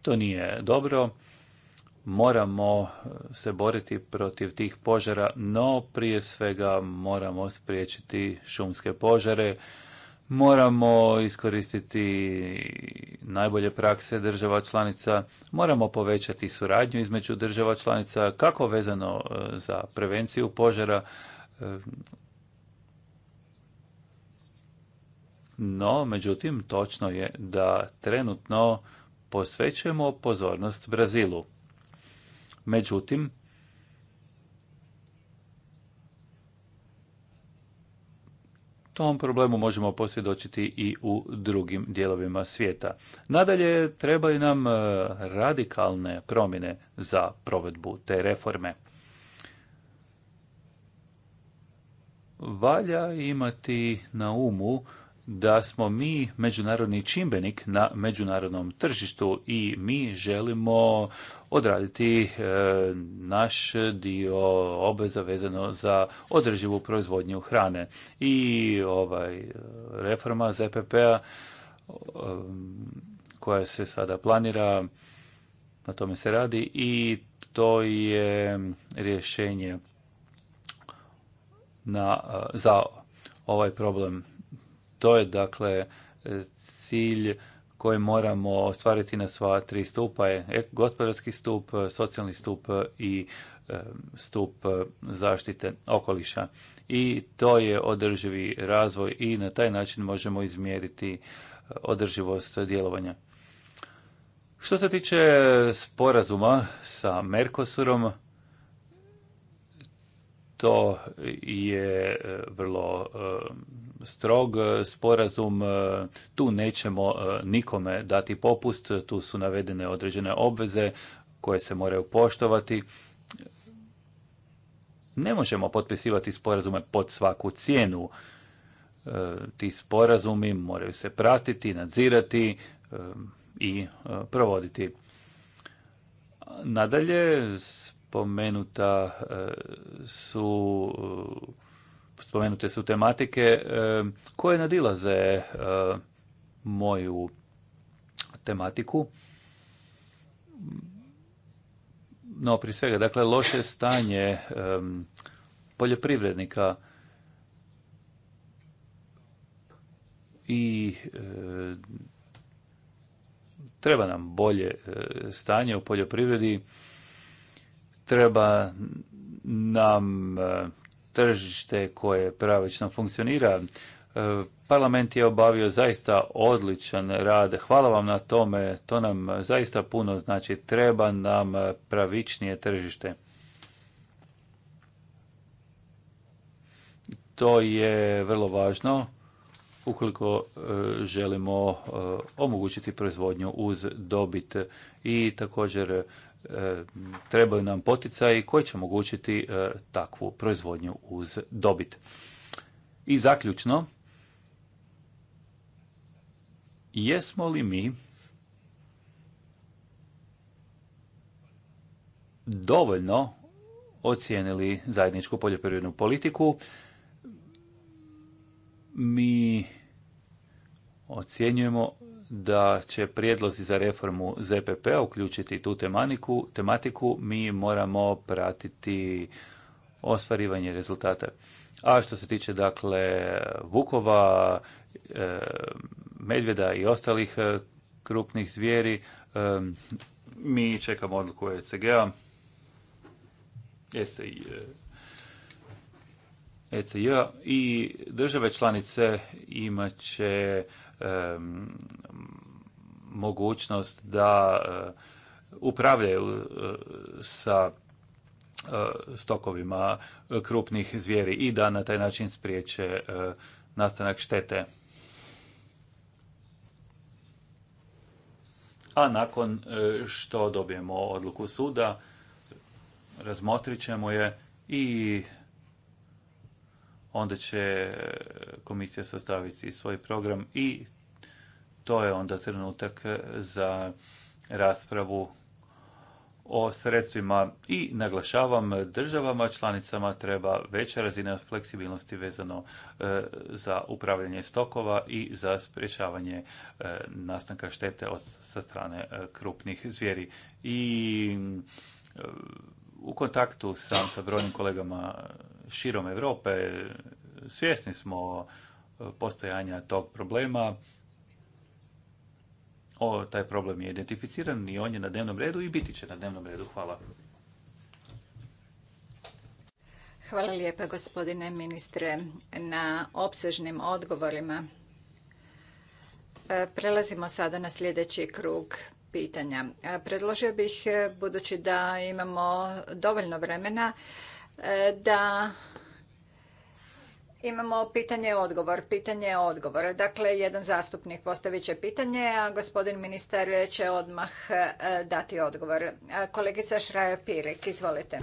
To nije dobro. Moramo e, se boriti protiv tih požara, no prije svega moramo spriječiti šumske požare. Moramo iskoristiti najbolje prakse država članica, moramo povećati suradnju između država članica kako vezano e, za prevenciju požara, no, međutim, točno je da trenutno posvećujemo pozornost Brazilu. Međutim, tom problemu možemo posvjedočiti i u drugim dijelovima svijeta. Nadalje, trebaju nam e, radikalne promjene za provedbu te reforme. valja imati na umu da smo mi međunarodni čimbenik na međunarodnom tržištu i mi želimo odraditi e, naš dio obveza vezano za održivu proizvodnju hrane. I ovaj reforma ZPP-a e, koja se sada planira, na tome se radi i to je rješenje na, za ovaj problem. To je dakle e, cilj koji moramo ostvariti na sva tri stupa je gospodarski stup, socijalni stup i e, stup zaštite okoliša. I to je održivi razvoj i na taj način možemo izmjeriti e, održivost djelovanja. Što se tiče sporazuma sa Mercosurom, to je e, vrlo e, strog sporazum, e, tu nećemo nikome dati popust, tu su navedene određene obveze koje se moraju poštovati. Ne možemo potpisivati sporazume pod svaku cijenu. Ti sporazumi moraju se pratiti, nadzirati i provoditi. Nadalje, spomenuta e, su e, spomenute su tematike e, koje nadilaze moju tematiku. No, prije svega, dakle, loše stanje poljoprivrednika i treba nam bolje stanje u poljoprivredi Treba nam e, tržište koje pravično funkcionira. E, parlament je obavio zaista odličan rad. Hvala vam na tome. To nam zaista puno znači. Treba nam pravičnije tržište. To je vrlo važno ukoliko e, želimo omogućiti proizvodnju uz dobit i također trebaju nam poticaji koji će omogućiti e, takvu proizvodnju uz dobit. I zaključno, jesmo li mi dovoljno ocijenili zajedničku poljoprivrednu politiku? Mi ocjenjujemo da će prijedlozi za reformu zpp uključiti tu tematiku, mi moramo pratiti ostvarivanje rezultata. A što se tiče dakle vukova, e, medvjeda i ostalih e, krupnih zvijeri, e, mi čekamo odluku ECG-a, ECJ i države članice imat će mogućnost da eh, upravljaju eh, sa eh, stokovima krupnih zvijeri i da na taj način spriječe nastanak štete. A nakon što dobijemo odluku suda, razmotrit ćemo je i onda će e, komisija sastaviti svoj program i to je onda trenutak e, za raspravu o sredstvima i naglašavam državama članicama treba veća razina fleksibilnosti vezano e, za upravljanje stokova i za sprječavanje nastanka štete od, sa strane krupnih zvijeri. I u kontaktu sam sa brojnim kolegama širom Europe. Svjesni smo e, postojanja tog problema. O, taj problem je identificiran i on je na dnevnom redu i biti će na dnevnom redu. Hvala. Hvala lijepa gospodine ministre na opsežnim odgovorima. E, prelazimo sada na sljedeći krug pitanja. E, predložio bih, budući da imamo dovoljno vremena, E, da Imamo pitanje odgovor. Pitanje odgovor. Dakle, jedan zastupnik postavit će pitanje, a gospodin ministar će odmah e, dati odgovor. E, kolegica Šraja Pirek, izvolite.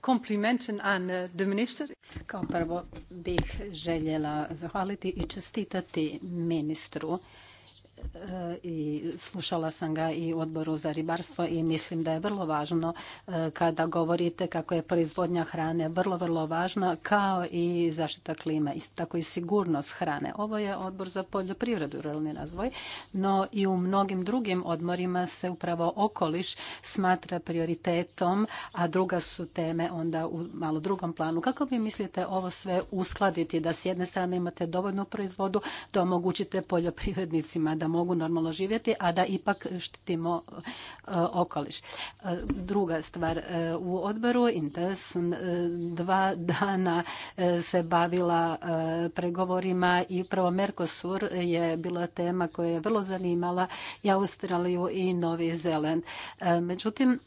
Komplimenten an de minister. Kao prvo bih željela zahvaliti i čestitati ministru E, i slušala sam ga i u odboru za ribarstvo i mislim da je vrlo važno e, kada govorite kako je proizvodnja hrane vrlo, vrlo važna kao i zaštita klima, isto tako i sigurnost hrane. Ovo je odbor za poljoprivredu ruralni razvoj, no i u mnogim drugim odmorima se upravo okoliš smatra prioritetom, a druga su teme onda u malo drugom planu. Kako vi mislite ovo sve uskladiti da s jedne strane imate dovoljnu proizvodu, da omogućite poljoprivrednicima da mogu normalno živjeti, a da ipak štitimo e, okoliš. E, druga stvar, e, u odboru Intes dva dana se bavila pregovorima i upravo Mercosur je bila tema koja je vrlo zanimala i Australiju i Novi Zeland. Međutim,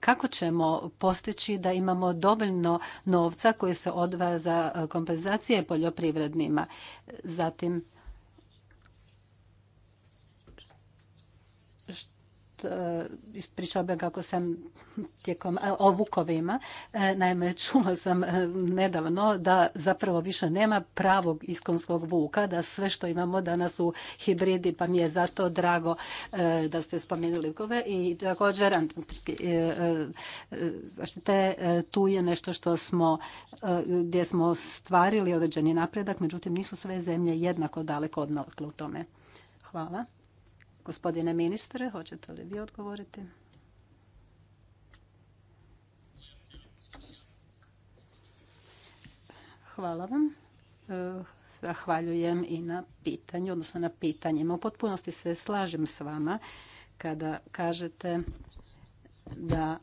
kako ćemo postići da imamo dovoljno novca koji se odvaja za kompenzacije poljoprivrednima. Zatim, E, ispričala bih kako sam tijekom e, o vukovima. E, naime, čula sam nedavno da zapravo više nema pravog iskonskog vuka, da sve što imamo danas su hibridi, pa mi je zato drago da ste spomenuli vukove i također zaštite tu je nešto što smo gdje smo stvarili određeni napredak, međutim nisu sve zemlje jednako daleko odmakle u tome. Hvala. Gospodine ministre, hoćete li vi odgovoriti? Hvala vam. E, zahvaljujem i na pitanju, odnosno na pitanjima. U potpunosti se slažem s vama kada kažete da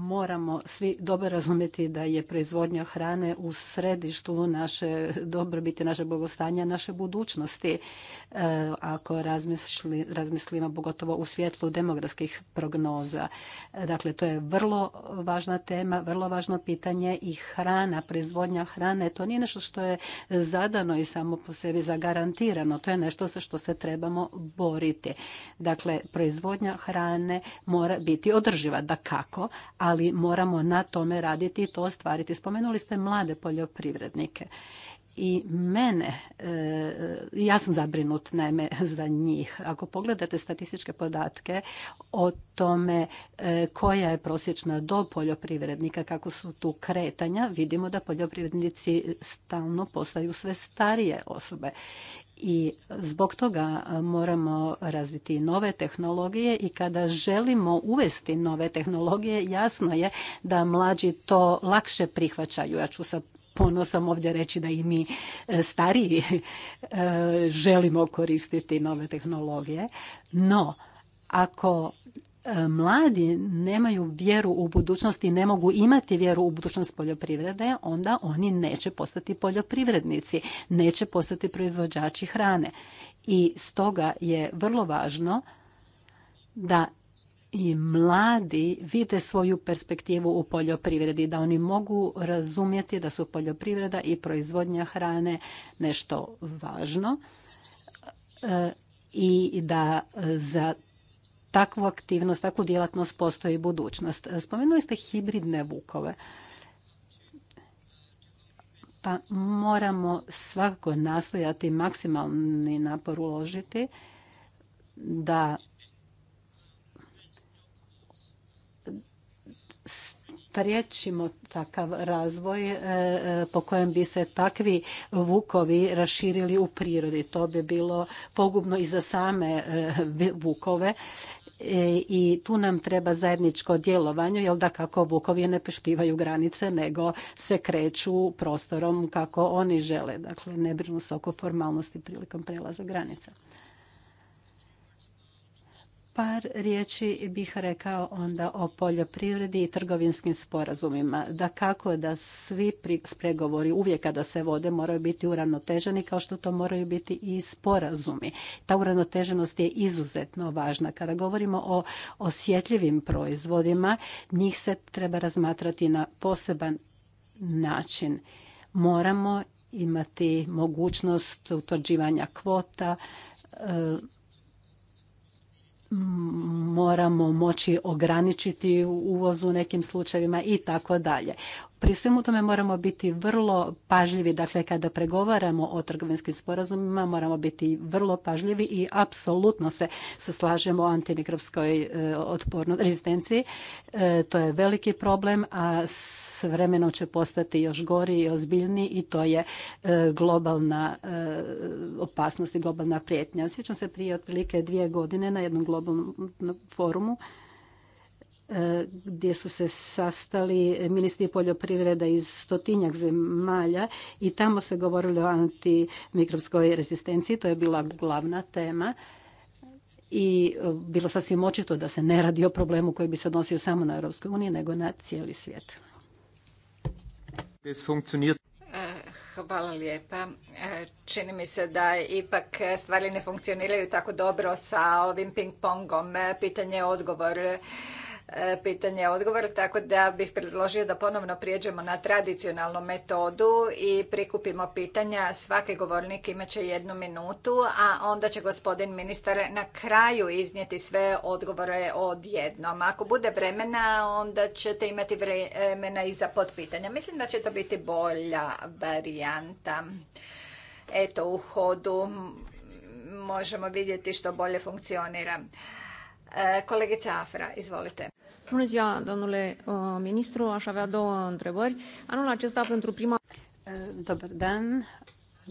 moramo svi dobro razumjeti da je proizvodnja hrane u središtu naše dobrobiti, naše bogostanje, naše budućnosti. E, ako razmisli, razmislimo pogotovo u svjetlu demografskih prognoza. E, dakle, to je vrlo važna tema, vrlo važno pitanje i hrana, proizvodnja hrane, to nije nešto što je zadano i samo po sebi zagarantirano, to je nešto sa što se trebamo boriti. Dakle, proizvodnja hrane mora biti održiva, da kako, ali moramo na tome raditi i to ostvariti. Spomenuli ste mlade poljoprivrednike i mene, e, ja sam zabrinut naime za njih. Ako pogledate statističke podatke o tome e, koja je prosječna do poljoprivrednika, kako su tu kretanja, vidimo da poljoprivrednici stalno postaju sve starije osobe i zbog toga e, moramo razviti nove tehnologije i kada želimo uvesti nove tehnologije jasno je da mlađi to lakše prihvaćaju. Ja ću sad ponosom ovdje reći da i mi e, stariji e, želimo koristiti nove tehnologije, no ako e, mladi nemaju vjeru u budućnost i ne mogu imati vjeru u budućnost poljoprivrede, onda oni neće postati poljoprivrednici, neće postati proizvođači hrane. I stoga je vrlo važno da i mladi vide svoju perspektivu u poljoprivredi, da oni mogu razumjeti da su poljoprivreda i proizvodnja hrane nešto važno e, i da za takvu aktivnost, takvu djelatnost postoji budućnost. Spomenuli ste hibridne vukove. Pa moramo svakako nastojati maksimalni napor uložiti da spriječimo takav razvoj e, e, po kojem bi se takvi vukovi raširili u prirodi. To bi bilo pogubno i za same e, vukove i tu nam treba zajedničko djelovanje, jer da kako vukovi ne poštivaju granice, nego se kreću prostorom kako oni žele. Dakle, ne brinu se oko formalnosti prilikom prelaza granica. Par riječi bih rekao onda o poljoprivredi i trgovinskim sporazumima. Da kako da svi pregovori uvijek kada se vode moraju biti uravnoteženi kao što to moraju biti i sporazumi. Ta uravnoteženost je izuzetno važna. Kada govorimo o osjetljivim proizvodima, njih se treba razmatrati na poseban način. Moramo imati mogućnost utvrđivanja kvota, e, moramo moći ograničiti u uvozu u nekim slučajevima i tako dalje. Pri svemu tome moramo biti vrlo pažljivi, dakle kada pregovaramo o trgovinskim sporazumima moramo biti vrlo pažljivi i apsolutno se, slažemo o antimikrobskoj e, otpornosti rezistenciji. E, to je veliki problem, a s s vremenom će postati još gori i ozbiljni i to je e, globalna e, opasnost i globalna prijetnja. Sjećam se prije otprilike dvije godine na jednom globalnom forumu e, gdje su se sastali ministri poljoprivreda iz stotinjak zemalja i tamo se govorilo o antimikrobskoj rezistenciji, to je bila glavna tema i bilo sasvim očito da se ne radi o problemu koji bi se odnosio samo na EU nego na cijeli svijet. E, hvala lijepa. E, čini mi se da ipak stvari ne funkcioniraju tako dobro sa ovim ping-pongom. E, Pitanje-odgovor. E, pitanje-odgovor, tako da bih predložio da ponovno prijeđemo na tradicionalnu metodu i prikupimo pitanja. Svaki govornik imat će jednu minutu, a onda će gospodin ministar na kraju iznijeti sve odgovore odjednom. Ako bude vremena, onda ćete imati vremena i za potpitanja. Mislim da će to biti bolja varijanta. Eto, u hodu možemo vidjeti što bolje funkcionira. Eh, kolegica Afra, izvolite. Bună ziua, domnule uh, ministru. Aș avea două întrebări. Anul acesta pentru prima... Eh, dobar dan.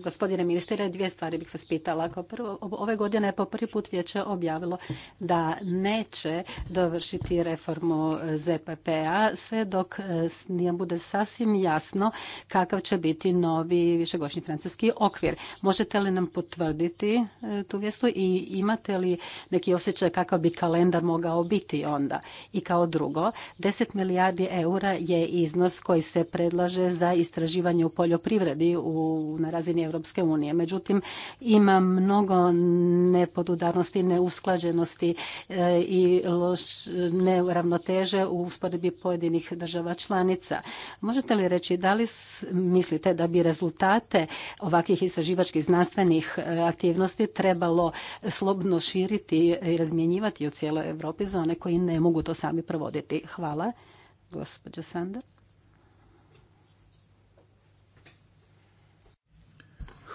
Gospodine ministre, dvije stvari bih vas pitala. Kao prvo, ove godine je po prvi put vijeće objavilo da neće dovršiti reformu e, ZPP-a sve dok e, nije bude sasvim jasno kakav će biti novi višegodišnji francuski okvir. Možete li nam potvrditi e, tu vjestu i imate li neki osjećaj kakav bi kalendar mogao biti onda? I kao drugo, 10 milijardi eura je iznos koji se predlaže za istraživanje u poljoprivredi u, na razini Europske unije. Međutim, ima mnogo nepodudarnosti, neusklađenosti eh, i neravnoteže u usporedbi pojedinih država članica. Možete li reći da li mislite da bi rezultate ovakvih istraživačkih znanstvenih eh, aktivnosti trebalo slobno širiti i razmjenjivati u cijeloj Europi za one koji ne mogu to sami provoditi? Hvala. Gospođa Sander.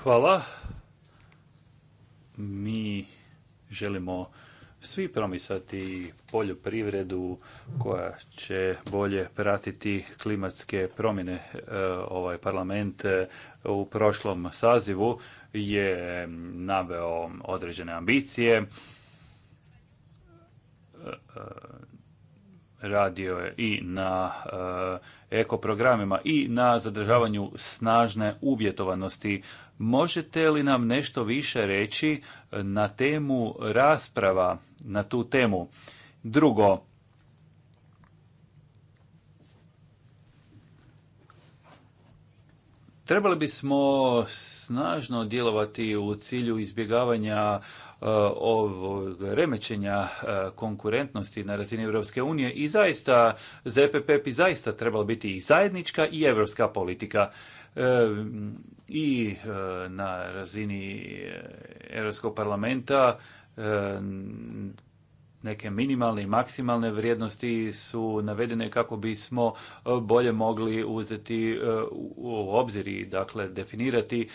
Hvala. Mi želimo svi promisati poljoprivredu koja će bolje pratiti klimatske promjene. E, ovaj parlament e, u prošlom sazivu je naveo određene ambicije. E, radio je i na ekoprogramima i na zadržavanju snažne uvjetovanosti Možete li nam nešto više reći e, na temu rasprava, na tu temu? Drugo, trebali bismo snažno djelovati u cilju izbjegavanja e, ovog remećenja e, konkurentnosti na razini Europske unije i zaista ZPP bi zaista trebalo biti i zajednička i europska politika. E, i e, na razini e, Europskog parlamenta neke minimalne i maksimalne vrijednosti su navedene kako bismo bolje mogli uzeti u obzir i dakle definirati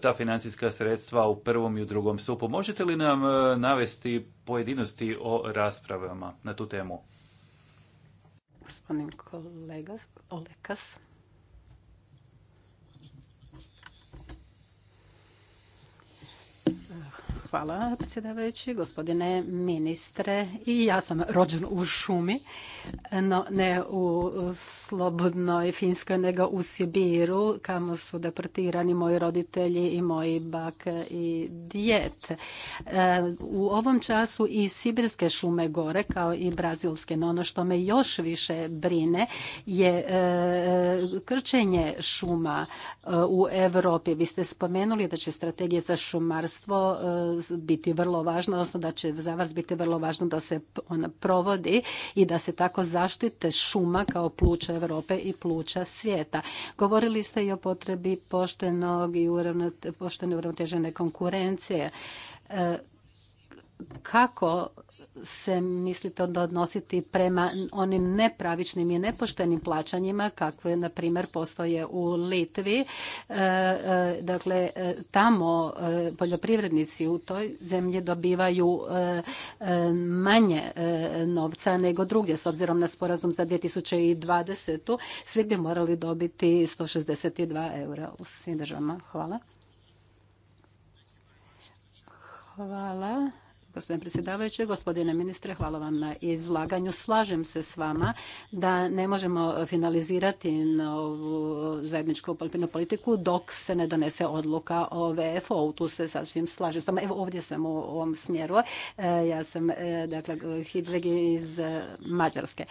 ta financijska sredstva u prvom i u drugom stupu. Možete li nam navesti pojedinosti o raspravama na tu temu? Gospodin kolega Olekas. Hvala predsjedavajući, gospodine ministre. I ja sam rođen u šumi, no ne u slobodnoj Finskoj, nego u Sibiru, kamo su deportirani moji roditelji i moji bak i djet. E, u ovom času i sibirske šume gore, kao i brazilske, no ono što me još više brine je e, krčenje šuma e, u Europi. Vi ste spomenuli da će strategija za šumarstvo biti vrlo važno, odnosno da će za vas biti vrlo važno da se ona provodi i da se tako zaštite šuma kao pluća Europe i pluća svijeta. Govorili ste i o potrebi poštenog i uravnotežene konkurencije e, kako se mislite odnositi prema onim nepravičnim i nepoštenim plaćanjima kakve na primjer postoje u Litvi. E, e, dakle, e, tamo poljoprivrednici u toj zemlji dobivaju manje novca nego drugdje s obzirom na sporazum za 2020. Svi bi morali dobiti 162 eura u svim državama. Hvala. Hvala. Gospodine predsjedavajući, gospodine ministre, hvala vam na izlaganju. Slažem se s vama da ne možemo finalizirati novu zajedničku poljoprivrednu politiku dok se ne donese odluka o vfo Tu se sasvim slažem. Samo, evo ovdje sam u ovom smjeru. E, ja sam, e, dakle, hidvegi iz e, Mađarske.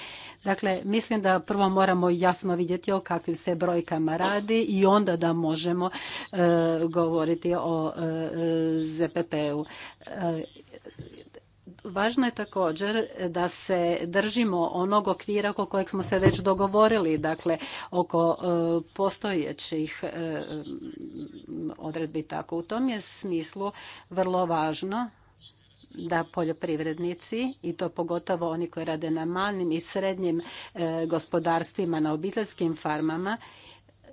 Dakle, mislim da prvo moramo jasno vidjeti o kakvim se brojkama radi i onda da možemo govoriti o ZPP-u Važno je također da se držimo onog okvira oko kojeg smo se već dogovorili, dakle oko e, postojećih e, odredbi tako. U tom je smislu vrlo važno da poljoprivrednici i to pogotovo oni koji rade na malim i srednjim e, gospodarstvima, na obiteljskim farmama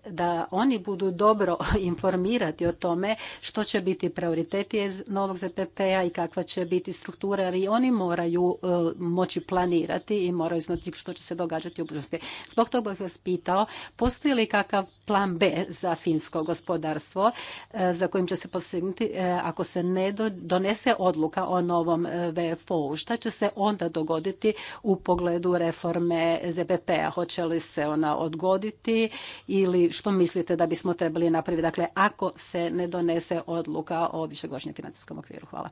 da oni budu dobro informirati o tome što će biti prioriteti novog ZPP-a i kakva će biti struktura jer oni moraju e, moći planirati i moraju znati što će se događati u budućnosti. Zbog toga bih vas pitao postoji li kakav plan B za finsko gospodarstvo e, za kojim će se posegnuti e, ako se ne donese odluka o novom VFO-u. Šta će se onda dogoditi u pogledu reforme ZPP-a? Hoće li se ona odgoditi ili što mislite da bismo trebali napraviti, dakle ako se ne donese odluka o višegodišnjem financijskom okviru. Hvala.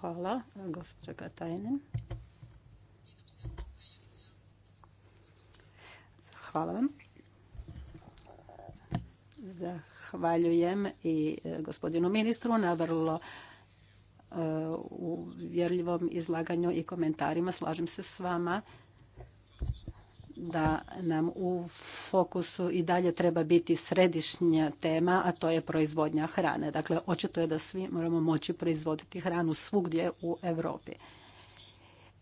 Hvala, gospođa Katajne. Hvala vam. Zahvaljujem i e, gospodinu ministru na vrlo e, uvjerljivom izlaganju i komentarima. Slažem se s vama da nam u fokusu i dalje treba biti središnja tema, a to je proizvodnja hrane. Dakle, očito je da svi moramo moći proizvoditi hranu svugdje u Europi.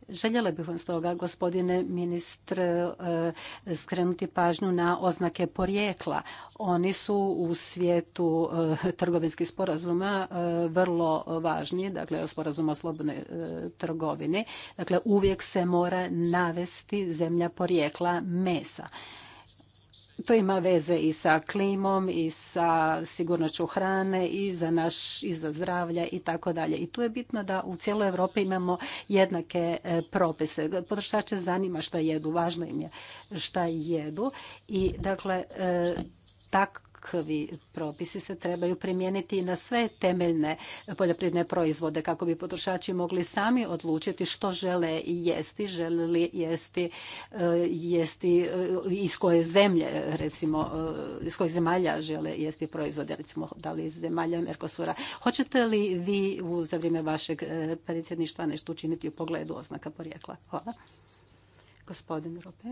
Željela bih vam stoga, gospodine ministre, eh, skrenuti pažnju na oznake porijekla. Oni su u svijetu eh, trgovinskih sporazuma eh, vrlo važni, dakle sporazuma o slobodnoj trgovini. Dakle, uvijek se mora navesti zemlja porijekla mesa to ima veze i sa klimom i sa sigurnošću hrane i za naš i za zdravlje i tako dalje. I tu je bitno da u cijeloj Europi imamo jednake e, propise. Potrošače zanima šta jedu, važno im je šta jedu i dakle e, tak ovakvi propisi se trebaju primijeniti i na sve temeljne poljoprivredne proizvode kako bi potrošači mogli sami odlučiti što žele jesti, žele li jesti, e, jesti e, iz koje zemlje, recimo e, iz kojih zemalja žele jesti proizvode, recimo da li iz zemalja Merkosura. Hoćete li vi za vrijeme vašeg predsjedništva nešto učiniti u pogledu oznaka porijekla? Hvala. Gospodin Rupe.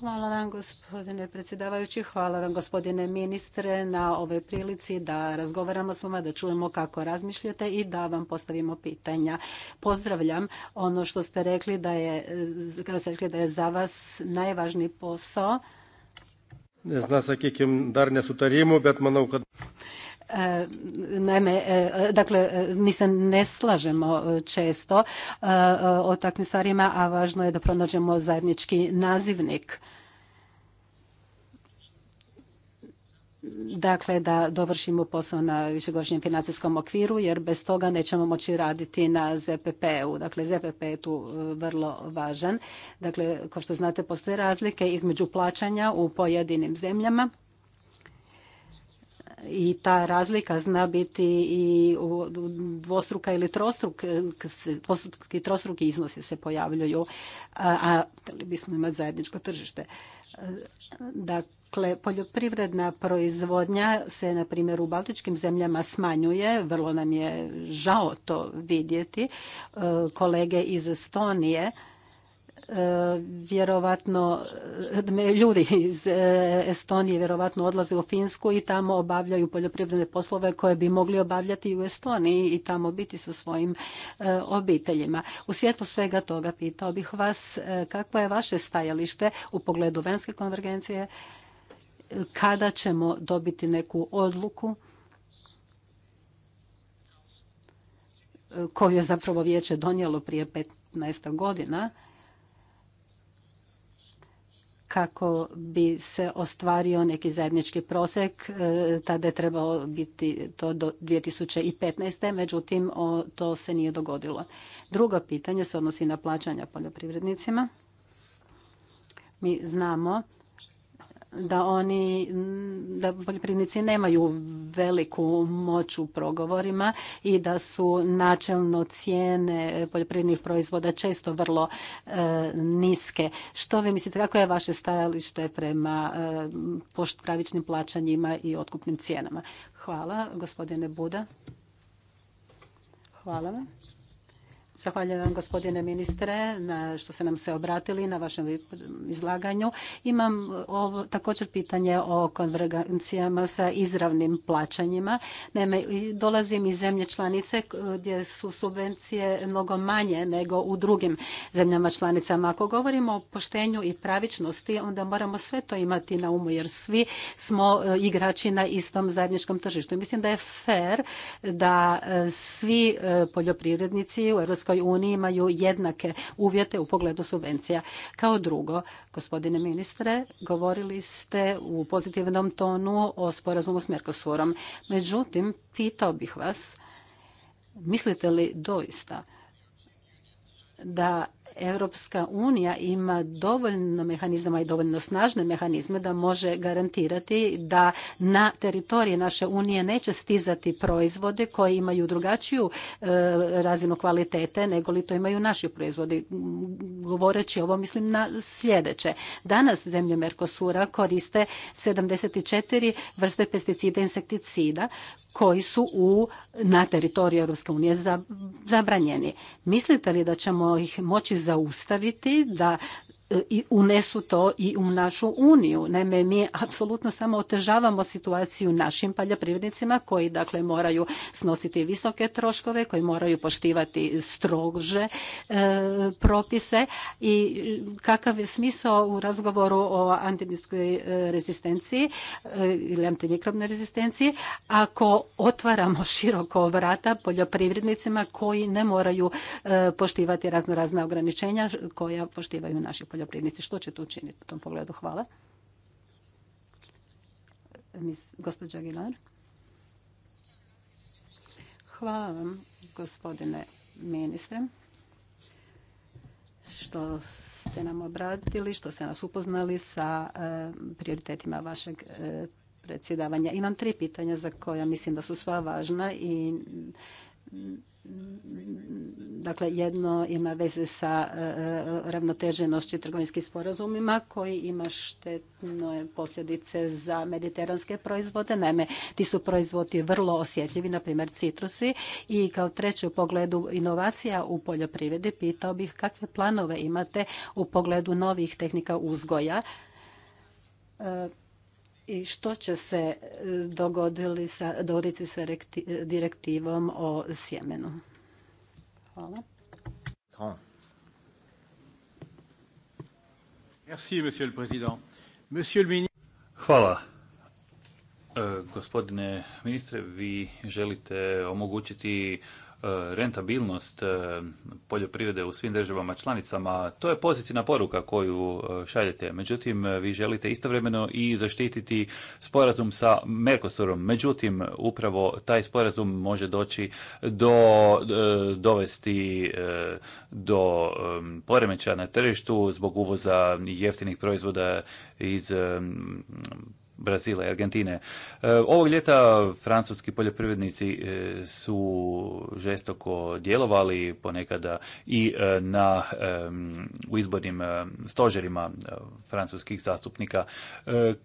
Hvala vam gospodine predsjedavajući, hvala vam gospodine ministre na ovoj prilici da razgovaramo s vama, da čujemo kako razmišljate i da vam postavimo pitanja. Pozdravljam ono što ste rekli da je, kada ste rekli da je za vas najvažniji posao. Ne sa dar bet manau, kad... Naime, e, dakle, mi se ne slažemo e, često e, o takvim stvarima, a važno je da pronađemo zajednički nazivnik. dakle da dovršimo posao na višegodišnjem financijskom okviru jer bez toga nećemo moći raditi na ZPP-u. Dakle, ZPP je tu vrlo važan. Dakle, kao što znate, postoje razlike između plaćanja u pojedinim zemljama i ta razlika zna biti i dvostruka ili trostruke i trostruki iznosi se pojavljuju, a trebali bismo imati zajedničko tržište. Dakle, poljoprivredna proizvodnja se, na primjer, u baltičkim zemljama smanjuje. Vrlo nam je žao to vidjeti. Kolege iz Estonije vjerovatno ljudi iz e, Estonije vjerovatno odlaze u Finsku i tamo obavljaju poljoprivredne poslove koje bi mogli obavljati u Estoniji i tamo biti sa svojim e, obiteljima. U svijetu svega toga pitao bih vas e, kakvo je vaše stajalište u pogledu venske konvergencije kada ćemo dobiti neku odluku koju je zapravo vijeće donijelo prije 15 godina kako bi se ostvario neki zajednički prosjek. E, tada je trebao biti to do 2015. Međutim, to se nije dogodilo. Drugo pitanje se odnosi na plaćanja poljoprivrednicima. Mi znamo da oni, da poljoprivrednici nemaju veliku moć u progovorima i da su načelno cijene poljoprivrednih proizvoda često vrlo e, niske. Što vi mislite, kako je vaše stajalište prema e, pravičnim plaćanjima i otkupnim cijenama? Hvala, gospodine Buda. Hvala vam. Zahvaljujem vam gospodine ministre na što ste nam se obratili na vašem izlaganju. Imam ovo, također pitanje o konvergencijama sa izravnim plaćanjima. Naime, dolazim iz zemlje članice gdje su subvencije mnogo manje nego u drugim zemljama članicama. Ako govorimo o poštenju i pravičnosti, onda moramo sve to imati na umu jer svi smo e, igrači na istom zajedničkom tržištu. Mislim da je fair da e, svi e, poljoprivrednici u EU Europskoj imaju jednake uvjete u pogledu subvencija. Kao drugo, gospodine ministre, govorili ste u pozitivnom tonu o sporazumu s Mercosurom. Međutim, pitao bih vas, mislite li doista da Europska unija ima dovoljno mehanizama i dovoljno snažne mehanizme da može garantirati da na teritoriji naše unije neće stizati proizvode koji imaju drugačiju e, razinu kvalitete nego li to imaju naši proizvodi. Govoreći ovo mislim na sljedeće. Danas zemlje Merkosura koriste 74 vrste pesticida i insekticida koji su u, na teritoriju Europske unije zabranjeni. Mislite li da ćemo ih moći zaustaviti da i unesu to i u našu uniju. Naime, mi apsolutno samo otežavamo situaciju našim poljoprivrednicima koji dakle moraju snositi visoke troškove, koji moraju poštivati strože e, propise i kakav je smisao u razgovoru o antimikrobnoj e, rezistenciji e, ili antimikrobnoj rezistenciji ako otvaramo široko vrata poljoprivrednicima koji ne moraju poštivati razno ograničenja koja poštivaju naši poljoprivrednici. Što ćete učiniti u tom pogledu? Hvala. Gospodin Aguilar. Hvala vam, gospodine ministre, što ste nam obratili, što ste nas upoznali sa e, prioritetima vašeg e, predsjedavanja. Imam tri pitanja za koja mislim da su sva važna i dakle jedno ima veze sa e, e, ravnoteženošću trgovinskih sporazumima koji ima štetne posljedice za mediteranske proizvode. Naime, ti su proizvodi vrlo osjetljivi, na primjer citrusi. I kao treće u pogledu inovacija u poljoprivredi pitao bih kakve planove imate u pogledu novih tehnika uzgoja e, i što će se e, dogodili sa, dogoditi sa direktivom o sjemenu? Hvala. Hvala. E, gospodine ministre, vi želite omogućiti E, rentabilnost e, poljoprivrede u svim državama članicama, to je pozitivna poruka koju e, šaljete. Međutim, vi želite istovremeno i zaštititi sporazum sa Mercosurom. Međutim, upravo taj sporazum može doći do dovesti do poremeća na tržištu zbog uvoza jeftinih proizvoda iz Brazila i Argentine. E, ovog ljeta francuski poljoprivrednici e, su žestoko djelovali ponekada i e, na, u izbornim stožerima francuskih zastupnika.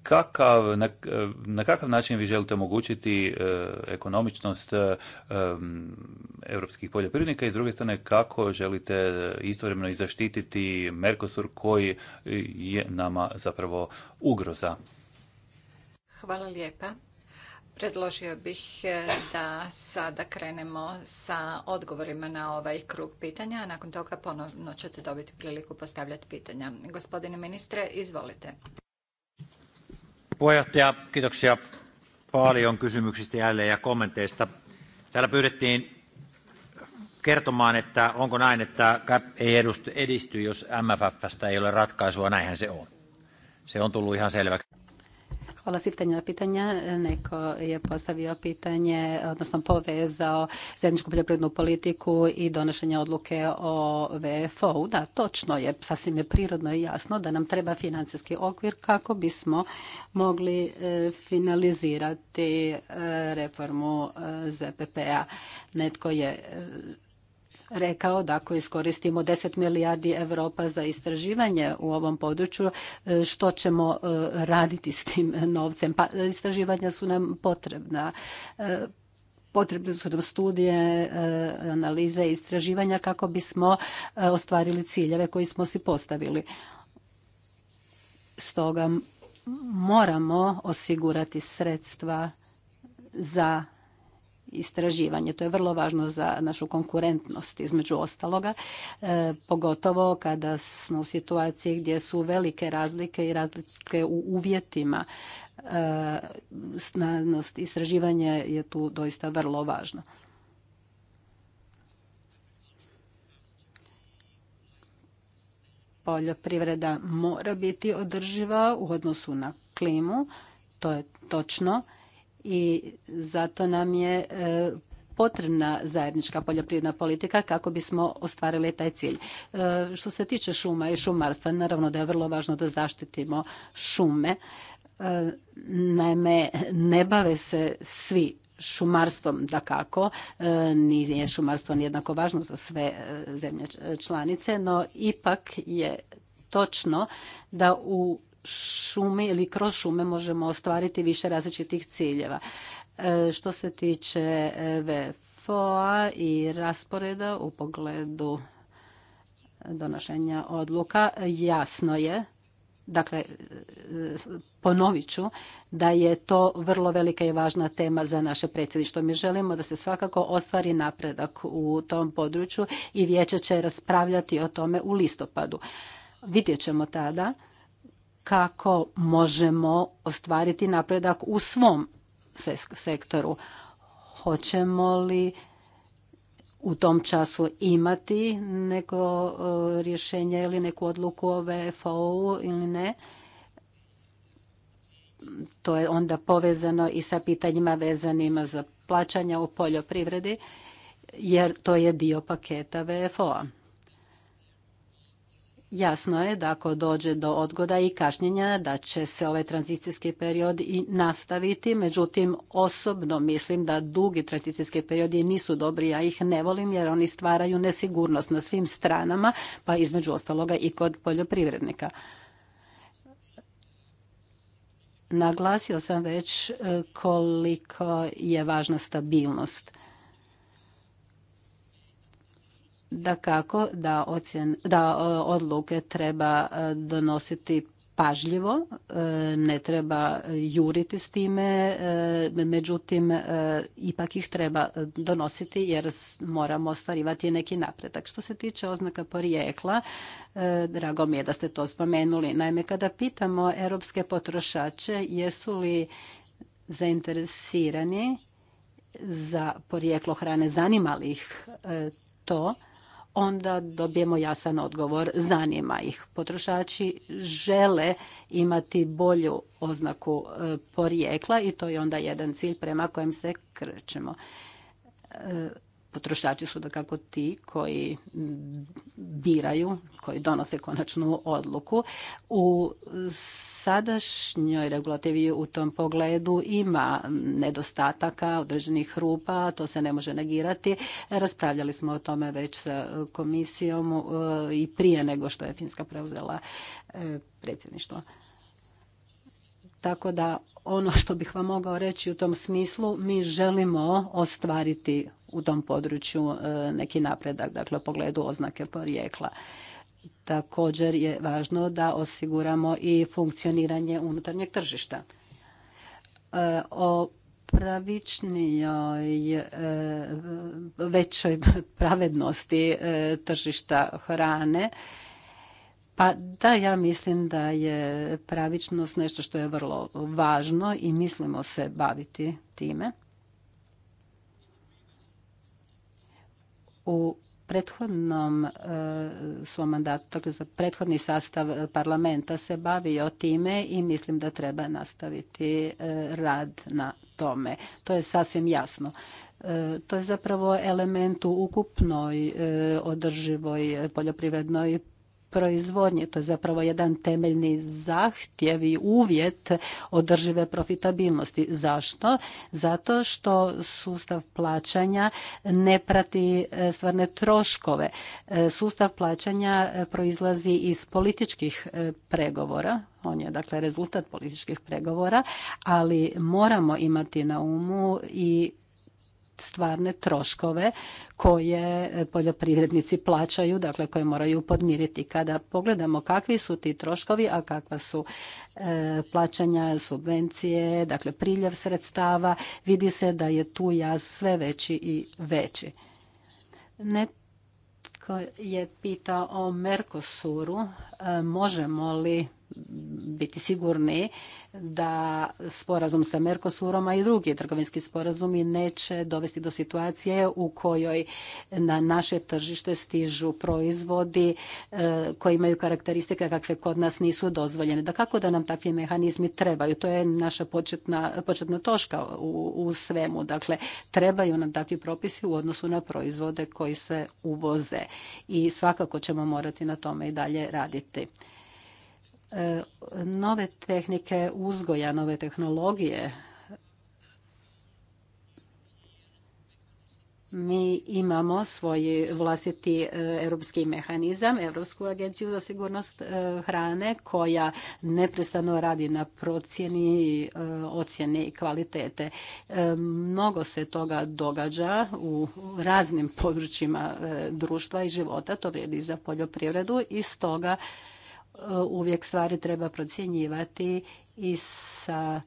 Kakav, na, kakav način vi želite omogućiti ekonomičnost europskih poljoprivrednika i s druge strane kako želite istovremeno i zaštititi Mercosur koji je nama zapravo ugroza? Hvala lijepa. Predložio bih e, da sada krenemo sa odgovorima na ovaj krug pitanja, nakon toga ponovno dobiti priliku postavljati pitanja. Gospodine ministre, izvolite. Puheenjohtaja, kiitoksia paljon kysymyksistä jälleen ja kommenteista. Täällä pyydettiin kertomaan, että onko näin, että CAP ei edisty, jos MFFstä ei ole ratkaisua. Näinhän se on. Se on tullut ihan selväksi. Hvala na pitanja. Neko je postavio pitanje, odnosno povezao zajedničku poljoprivrednu politiku i donošenje odluke o VFO-u. Da, točno je, sasvim je prirodno i jasno da nam treba financijski okvir kako bismo mogli e, finalizirati e, reformu e, ZPP-a. Netko je rekao da ako iskoristimo 10 milijardi Europa za istraživanje u ovom području, e, što ćemo e, raditi s tim novcem? Pa istraživanja su nam potrebna. E, potrebne su nam studije, analize i istraživanja kako bismo ostvarili ciljeve koji smo si postavili. Stoga moramo osigurati sredstva za istraživanje. To je vrlo važno za našu konkurentnost između ostaloga, e, pogotovo kada smo u situaciji gdje su velike razlike i razlike u uvjetima. E, znanost i istraživanje je tu doista vrlo važno. Poljoprivreda mora biti održiva u odnosu na klimu, to je točno i zato nam je e, potrebna zajednička poljoprivredna politika kako bismo ostvarili taj cilj. E, što se tiče šuma i šumarstva, naravno da je vrlo važno da zaštitimo šume. E, naime, ne bave se svi šumarstvom da kako, nije šumarstvo nijednako važno za sve zemlje članice, no ipak je točno da u šumi ili kroz šume možemo ostvariti više različitih ciljeva. E, što se tiče e, VFO-a i rasporeda u pogledu donošenja odluka, jasno je dakle e, ponovit ću da je to vrlo velika i važna tema za naše predsjedništvo. Mi želimo da se svakako ostvari napredak u tom području i vijeće će raspravljati o tome u listopadu. Vidjet ćemo tada kako možemo ostvariti napredak u svom sektoru. Hoćemo li u tom času imati neko e, rješenje ili neku odluku o VFO-u ili ne. To je onda povezano i sa pitanjima vezanima za plaćanja u poljoprivredi, jer to je dio paketa VFO-a. Jasno je da ako dođe do odgoda i kašnjenja da će se ovaj tranzicijski period i nastaviti, međutim osobno mislim da dugi tranzicijski periodi nisu dobri, ja ih ne volim jer oni stvaraju nesigurnost na svim stranama, pa između ostaloga i kod poljoprivrednika. Naglasio sam već e, koliko je važna stabilnost da kako da, ocjen, da e, odluke treba e, donositi pažljivo, e, ne treba juriti s time, međutim ipak ih treba donositi jer moramo ostvarivati neki napredak. Što se tiče oznaka porijekla, drago mi je da ste to spomenuli. Naime, kada pitamo europske potrošače jesu li zainteresirani za porijeklo hrane, zanima ih to, onda dobijemo jasan odgovor. Zanima ih. Potrošači žele imati bolju oznaku e, porijekla i to je onda jedan cilj prema kojem se krećemo. E, potrošači su da kako ti koji biraju, koji donose konačnu odluku. U sadašnjoj regulativi u tom pogledu ima nedostataka, određenih rupa, to se ne može negirati. Raspravljali smo o tome već sa komisijom e, i prije nego što je Finska preuzela e, predsjedništvo. Tako da ono što bih vam mogao reći u tom smislu, mi želimo ostvariti u tom području e, neki napredak, dakle u pogledu oznake porijekla. Također je važno da osiguramo i funkcioniranje unutarnjeg tržišta. E, o pravičnijoj e, većoj pravednosti e, tržišta hrane pa da, ja mislim da je pravičnost nešto što je vrlo važno i mislimo se baviti time. U prethodnom e, svom mandatu, dakle za prethodni sastav parlamenta se bavio time i mislim da treba nastaviti e, rad na tome. To je sasvim jasno. E, to je zapravo element u ukupnoj održivoj poljoprivrednoj proizvodnje. To je zapravo jedan temeljni zahtjev i uvjet održive profitabilnosti. Zašto? Zato što sustav plaćanja ne prati e, stvarne troškove. E, sustav plaćanja e, proizlazi iz političkih pregovora, on je dakle rezultat političkih pregovora, ali moramo imati na umu i stvarne troškove koje poljoprivrednici plaćaju, dakle koje moraju podmiriti. Kada pogledamo kakvi su ti troškovi, a kakva su e, plaćanja, subvencije, dakle priljev sredstava, vidi se da je tu jaz sve veći i veći. Netko je pitao o Merkosuru, e, možemo li biti sigurni da sporazum sa Mercosurom, a i drugi trgovinski sporazumi neće dovesti do situacije u kojoj na naše tržište stižu proizvodi e, koji imaju karakteristike kakve kod nas nisu dozvoljene. Da kako da nam takvi mehanizmi trebaju? To je naša početna, početna u svemu. Dakle, trebaju nam takvi propisi u odnosu na proizvode koji se uvoze i svakako ćemo morati na tome i dalje raditi nove tehnike uzgoja, nove tehnologije. Mi imamo svoj vlastiti e, europski mehanizam, Europsku agenciju za sigurnost e, hrane koja neprestano radi na procjeni, e, ocjeni kvalitete. Mnogo se toga događa u raznim područjima društva i života, to vrijedi za poljoprivredu i stoga Eh, uvijek stvari treba procjenjivati i sa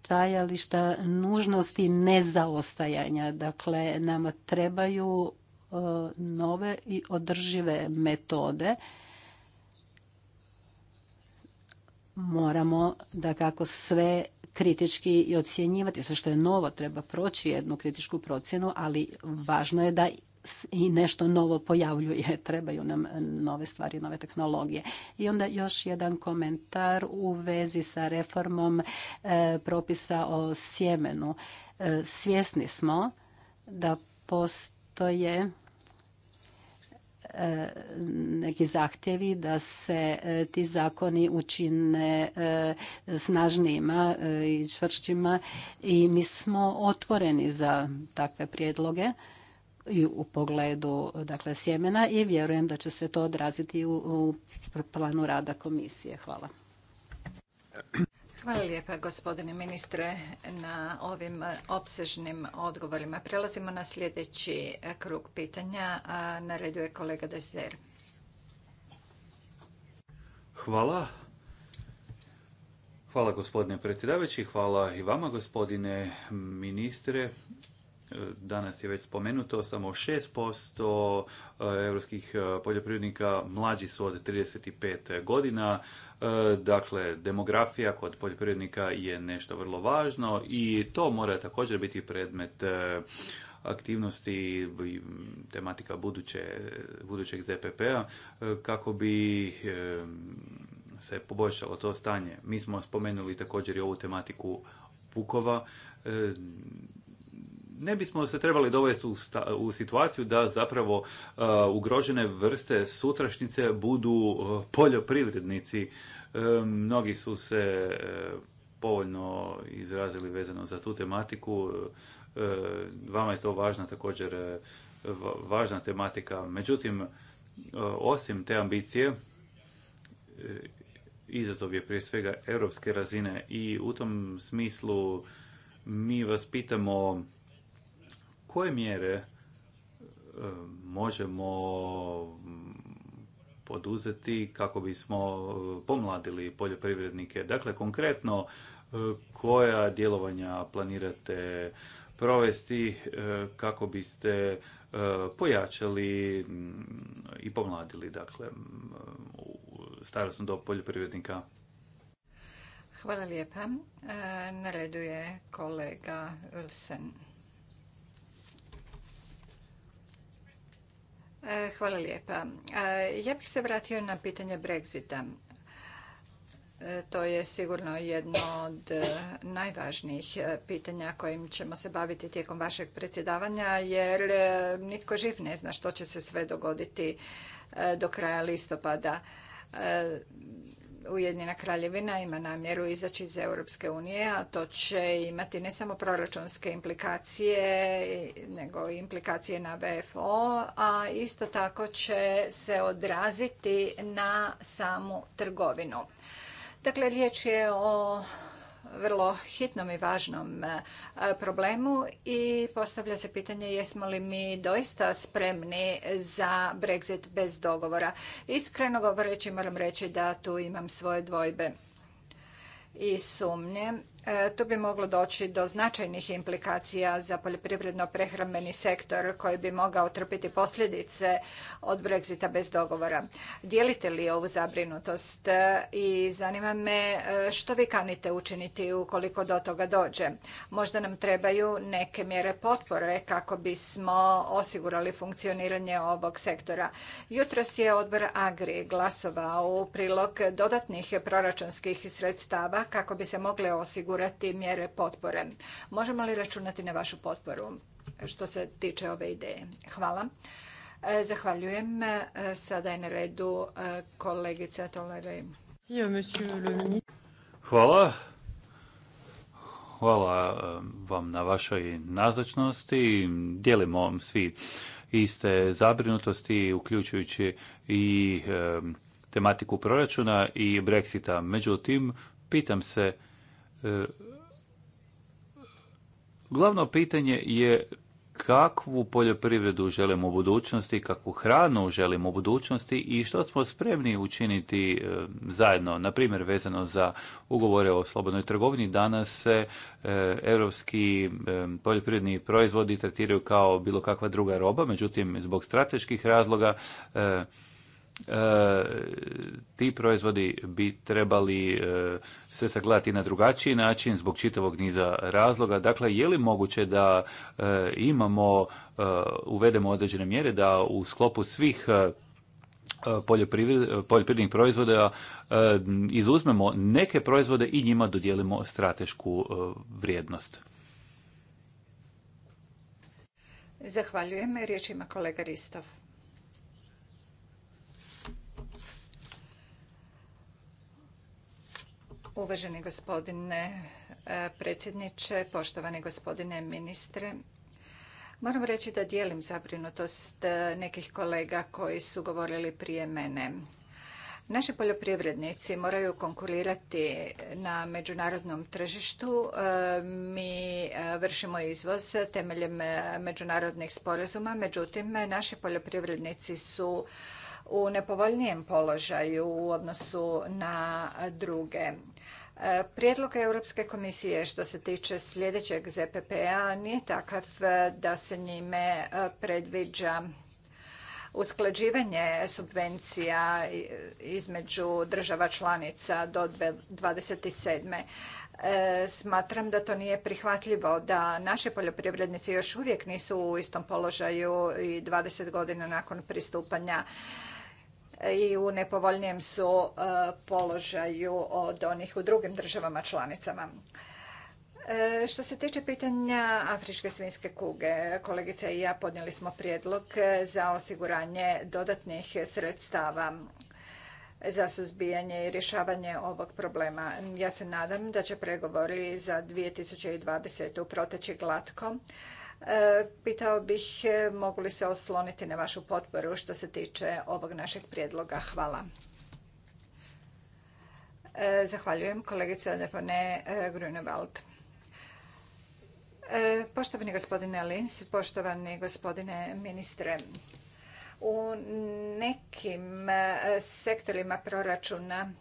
stajališta nužnosti nezaostajanja. Dakle, nama trebaju eh, nove i održive metode. Moramo da kako sve kritički i ocjenjivati sve što je novo, treba proći jednu kritičku procjenu, ali važno je da i nešto novo pojavljuje, trebaju nam nove stvari, nove tehnologije. I onda još jedan komentar u vezi sa reformom e, propisa o sjemenu. E, svjesni smo da postoje e, neki zahtjevi da se ti zakoni učine snažnijima i čvršćima i mi smo otvoreni za takve prijedloge i u pogledu dakle, sjemena i vjerujem da će se to odraziti u, planu rada komisije. Hvala. Hvala lijepa gospodine ministre na ovim opsežnim odgovorima. Prelazimo na sljedeći krug pitanja. Na redu je kolega Dezer. Hvala. Hvala gospodine predsjedavajući, hvala i vama gospodine ministre danas je već spomenuto, samo 6% europskih e, poljoprivrednika mlađi su od 35 godina. E, dakle, demografija kod poljoprivrednika je nešto vrlo važno i to mora također biti predmet e, aktivnosti i tematika buduće, budućeg ZPP-a kako bi se poboljšalo to stanje. Mi smo spomenuli također i ovu tematiku Vukova ne bismo se trebali dovesti u, situaciju da zapravo e, ugrožene vrste sutrašnjice budu e, poljoprivrednici. E, mnogi su se povoljno izrazili vezano za tu tematiku. Vama je to važna također važna tematika. Međutim, osim te ambicije, izazov je prije svega europske razine i u tom smislu mi vas pitamo koje mjere e, možemo mm, poduzeti kako bismo e, pomladili poljoprivrednike. Dakle, konkretno e, koja djelovanja planirate provesti kako biste pojačali mm, i pomladili dakle, mm, starostnu dob poljoprivrednika? Hvala lijepa. Na redu je kolega E, hvala lijepa. E, ja bih se vratio na pitanje Brexita. E, to je sigurno jedno od najvažnijih pitanja kojim ćemo se baviti tijekom vašeg predsjedavanja, jer nitko živ ne zna što će se sve dogoditi do kraja listopada. Ujedina kraljevina ima namjeru izaći iz Europske unije, a to će imati ne samo proračunske implikacije, nego i implikacije na VFO, a isto tako će se odraziti na samu trgovinu. Dakle, riječ je o vrlo hitnom i važnom e, problemu i postavlja se pitanje jesmo li mi doista spremni za Brexit bez dogovora. Iskreno govoreći moram reći da tu imam svoje dvojbe i sumnje E, tu bi moglo doći do značajnih implikacija za poljoprivredno-prehrambeni sektor koji bi mogao trpiti posljedice od Brexita bez dogovora. Dijelite li ovu zabrinutost e, i zanima me e, što vi kanite učiniti ukoliko do toga dođe? Možda nam trebaju neke mjere potpore kako bismo osigurali funkcioniranje ovog sektora. Jutros je odbor Agri glasovao u prilog dodatnih proračunskih sredstava kako bi se mogle osigurati osigurati mjere potpore. Možemo li računati na vašu potporu što se tiče ove ideje? Hvala. E, zahvaljujem. E, sada je na redu e, kolegica Tolera. Euh, Hvala. Hvala vam na vašoj nazočnosti. Dijelimo svi iste zabrinutosti, uključujući i tematiku proračuna i Brexita. Međutim, pitam se Glavno pitanje je kakvu poljoprivredu želimo u budućnosti, kakvu hranu želimo u budućnosti i što smo spremni učiniti e, zajedno. Na primjer, vezano za ugovore o slobodnoj trgovini, danas se e, evropski e, poljoprivredni proizvodi tretiraju kao bilo kakva druga roba, međutim, zbog strateških razloga E, ti proizvodi bi trebali e, se sagledati na drugačiji način zbog čitavog niza razloga. Dakle, je li moguće da e, imamo, uvedemo određene mjere da u sklopu svih poljoprivrednih proizvoda izuzmemo neke proizvode i njima dodijelimo stratešku vrijednost. Zahvaljujem. Riječ ima kolega Ristov. Uvaženi gospodine e, predsjedniče, poštovani gospodine ministre, moram reći da dijelim zabrinutost e, nekih kolega koji su govorili prije mene. Naši poljoprivrednici moraju konkurirati na međunarodnom tržištu. E, mi vršimo izvoz temeljem međunarodnih sporazuma, međutim naši poljoprivrednici su u nepovoljnijem položaju u odnosu na druge. Prijedlog Europske komisije što se tiče sljedećeg ZPP-a nije takav e, da se njime e, predviđa usklađivanje subvencija između država članica do 27. E, smatram da to nije prihvatljivo, da naši poljoprivrednici još uvijek nisu u istom položaju i 20 godina nakon pristupanja i u nepovoljnijem su e, položaju od onih u drugim državama članicama. E, što se tiče pitanja afričke svinske kuge, kolegica i ja podnijeli smo prijedlog za osiguranje dodatnih sredstava za suzbijanje i rješavanje ovog problema. Ja se nadam da će pregovori za 2020. proteći glatko E, pitao bih e, mogu li se osloniti na vašu potporu što se tiče ovog našeg prijedloga. Hvala. E, zahvaljujem kolegica Depone Grunewald. Poštovani gospodine Lins, poštovani gospodine ministre, u nekim sektorima proračuna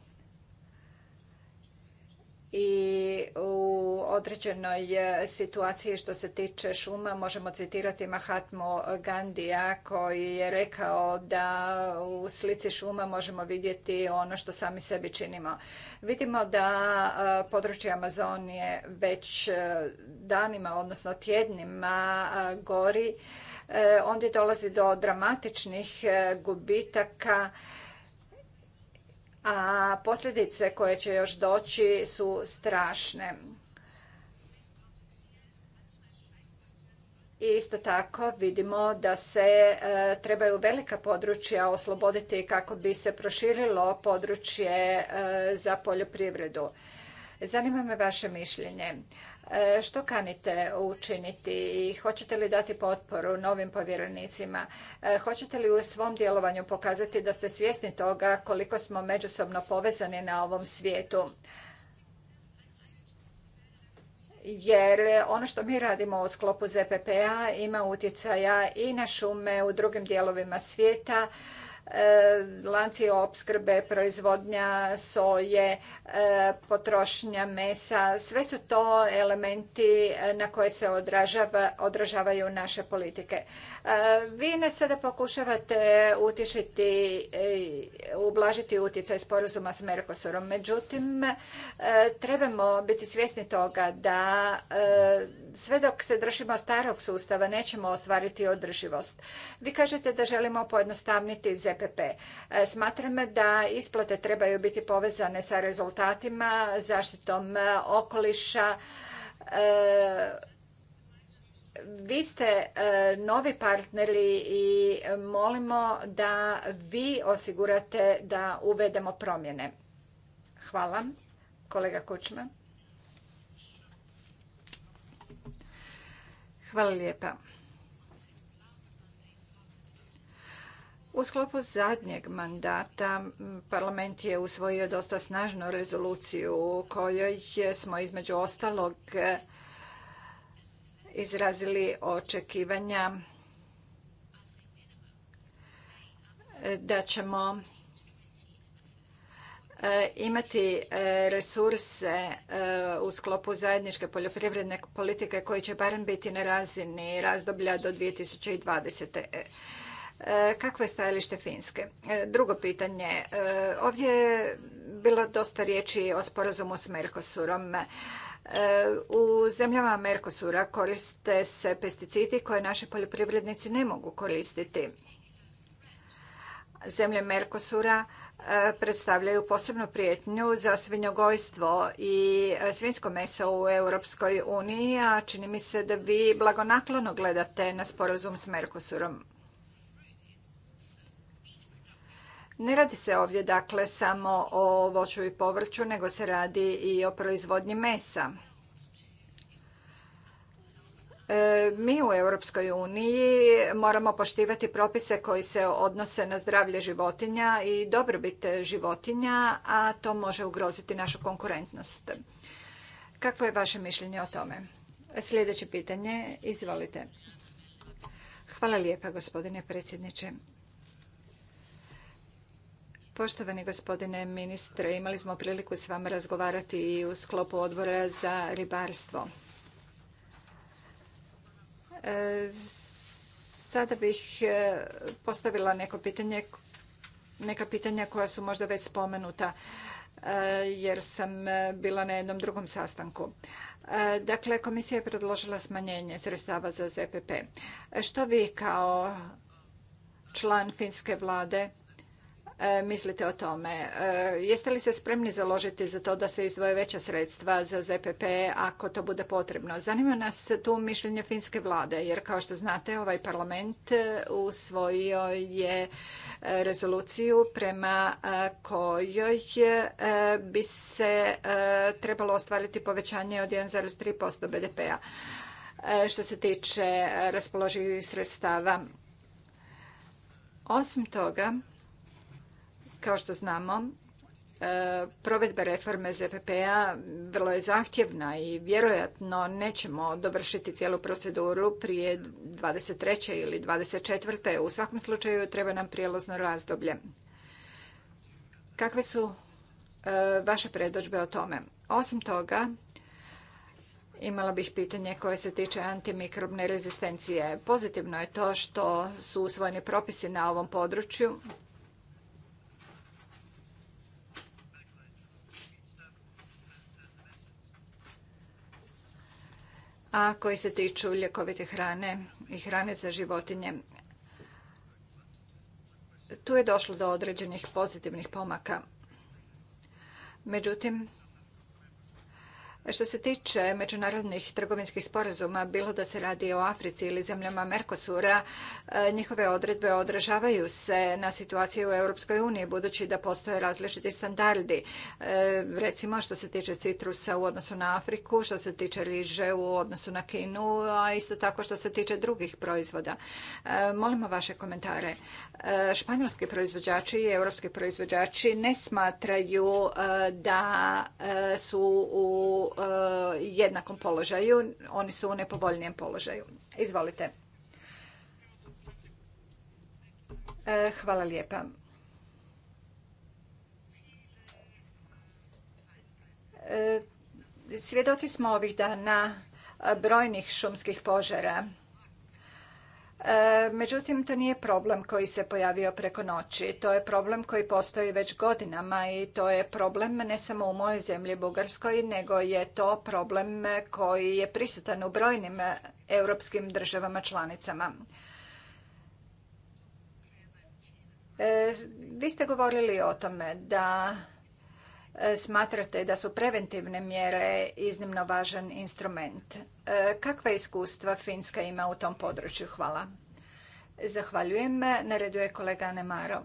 i u određenoj e, situaciji što se tiče šuma možemo citirati Mahatmu Gandija koji je rekao da u slici šuma možemo vidjeti ono što sami sebi činimo. Vidimo da e, područje Amazonije već e, danima, odnosno tjednima gori. Ondje dolazi do dramatičnih gubitaka a posljedice koje će još doći su strašne. Isto tako vidimo da se e, trebaju velika područja osloboditi kako bi se proširilo područje e, za poljoprivredu. Zanima me vaše mišljenje. E, što kanite učiniti i hoćete li dati potporu novim povjerenicima? E, hoćete li u svom djelovanju pokazati da ste svjesni toga koliko smo međusobno povezani na ovom svijetu? jer ono što mi radimo u sklopu ZPP-a ima utjecaja i na šume u drugim dijelovima svijeta, E, lanci opskrbe, proizvodnja soje, e, potrošnja mesa, sve su to elementi e, na koje se odražavaju naše politike. Vi ne sada pokušavate utješiti, ublažiti utjecaj sporazuma s Mercosurom, međutim trebamo biti svjesni toga da sve dok se držimo starog sustava nećemo ostvariti održivost. Vi kažete da želimo pojednostavniti ZEP. ZPP. E, smatram da isplate trebaju biti povezane sa rezultatima, zaštitom e, okoliša, e, vi ste novi partneri i molimo da vi osigurate da uvedemo promjene. Hvala. Kolega Kućman. Hvala lijepa. U sklopu zadnjeg mandata parlament je usvojio dosta snažnu rezoluciju u kojoj smo između ostalog e, izrazili očekivanja e, da ćemo e, imati resurse u sklopu zajedničke poljoprivredne politike koji će barem biti na razini razdoblja do 2020. E, kakvo je stajalište Finske? E, drugo pitanje. E, ovdje je bilo dosta riječi o sporazumu s Mercosurom. U zemljama Mercosura koriste se pesticidi koje naši poljoprivrednici ne mogu koristiti. Zemlje Mercosura predstavljaju posebnu prijetnju za svinjogojstvo i svinsko meso u Europskoj uniji, a čini mi se da vi blagonaklono gledate na sporazum s Mercosurom. Ne radi se ovdje dakle samo o voću i povrću, nego se radi i o proizvodnji mesa. E, mi u Europskoj uniji moramo poštivati propise koji se odnose na zdravlje životinja i dobrobit životinja, a to može ugroziti našu konkurentnost. Kakvo je vaše mišljenje o tome? Sljedeće pitanje, izvolite. Hvala lijepa gospodine predsjedniče. Poštovani gospodine ministre, imali smo priliku s vama razgovarati i u sklopu odbora za ribarstvo. E, sada bih e, postavila neko pitanje, neka pitanja koja su možda već spomenuta e, jer sam bila na jednom drugom sastanku. Dakle, komisija je predložila smanjenje sredstava za ZPP. Što vi kao član finske vlade E, mislite o tome? E, jeste li se spremni založiti za to da se izdvoje veća sredstva za ZPP ako to bude potrebno? Zanima nas tu mišljenje finske vlade, jer kao što znate ovaj parlament e, usvojio je rezoluciju prema kojoj bi se trebalo ostvariti povećanje od 1,3% BDP-a što se tiče raspoloživih sredstava. Osim toga, kao što znamo, e, provedba reforme ZPP-a vrlo je zahtjevna i vjerojatno nećemo dovršiti cijelu proceduru prije 23. ili 24. U svakom slučaju treba nam prijelozno razdoblje. Kakve su e, vaše predođbe o tome? Osim toga, Imala bih pitanje koje se tiče antimikrobne rezistencije. Pozitivno je to što su usvojeni propisi na ovom području a koji se tiču ljekovite hrane i hrane za životinje. Tu je došlo do određenih pozitivnih pomaka. Međutim, što se tiče međunarodnih trgovinskih sporazuma, bilo da se radi o Africi ili zemljama Merkosura, e, njihove odredbe odražavaju se na situaciju u Europskoj uniji, budući da postoje različiti standardi. E, recimo, što se tiče citrusa u odnosu na Afriku, što se tiče riže u odnosu na Kinu, a isto tako što se tiče drugih proizvoda. E, molimo vaše komentare. Španjolski proizvođači i europski proizvođači ne smatraju da su u E, jednakom položaju, oni su u nepovoljnijem položaju. Izvolite. E, hvala lijepa. E, svjedoci smo ovih dana brojnih šumskih požara E, međutim, to nije problem koji se pojavio preko noći. To je problem koji postoji već godinama i to je problem ne samo u mojoj zemlji Bugarskoj, nego je to problem koji je prisutan u brojnim europskim državama članicama. E, vi ste govorili o tome da smatrate da su preventivne mjere iznimno važan instrument. E, kakva iskustva Finska ima u tom području? Hvala. Zahvaljujem. Na redu je kolega Nemaro.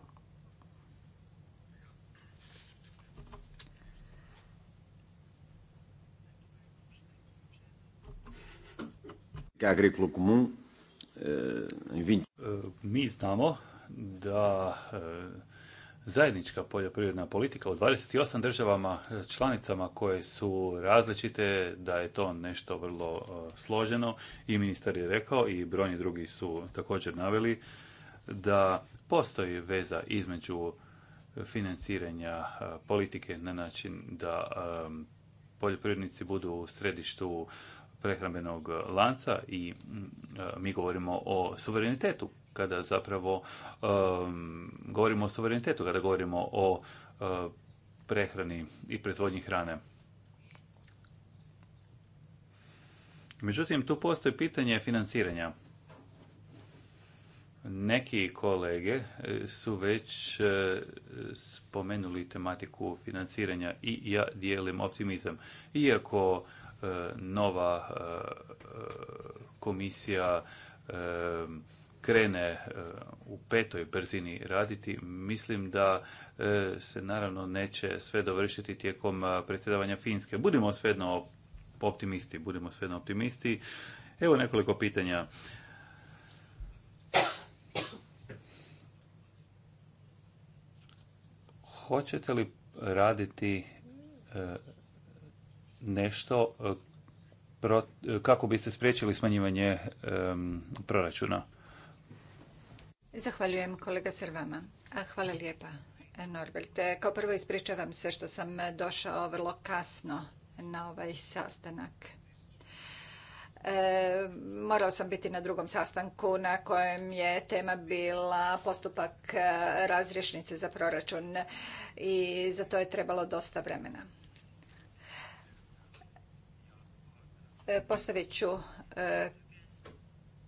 E, e, mi znamo da zajednička poljoprivredna politika u 28 državama e, članicama koje su različite, da je to nešto vrlo e, složeno i ministar je rekao i brojni drugi su također naveli da postoji veza između financiranja e, politike na način da poljoprivrednici budu u središtu prehrambenog lanca i mi govorimo o suverenitetu kada zapravo govorimo o suverenitetu, kada govorimo o e, prehrani i proizvodnji hrane. Međutim, tu postoji pitanje financiranja. Neki kolege e, su već e, spomenuli tematiku financiranja i ja dijelim optimizam. Iako nova komisija krene e, u petoj brzini raditi, mislim da e, se naravno neće sve dovršiti tijekom predsjedavanja Finske. Budimo svejedno optimisti, budimo svejedno optimisti. Evo nekoliko pitanja. Hoćete li raditi e, nešto kako biste spriječili smanjivanje proračuna? Zahvaljujem kolega Srvama. Hvala lijepa Norbert. E, kao prvo ispričavam se što sam došao vrlo kasno na ovaj sastanak. E, morao sam biti na drugom sastanku na kojem je tema bila postupak e, razrješnice za proračun i za to je trebalo dosta vremena. postavit ću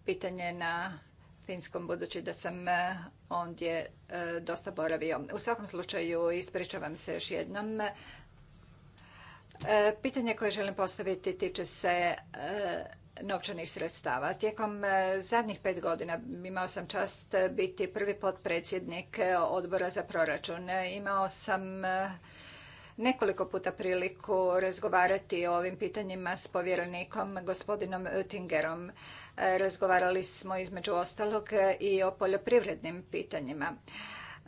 pitanje na Finskom, budući da sam e, ondje e, dosta boravio. U svakom slučaju, ispričavam se još jednom. E, pitanje koje želim postaviti tiče se novčanih sredstava. Tijekom zadnjih pet godina imao sam čast biti prvi potpredsjednik odbora za proračun. Imao sam nekoliko puta priliku razgovarati o ovim pitanjima s povjerenikom gospodinom Oettingerom. Razgovarali smo između ostalog i o poljoprivrednim pitanjima.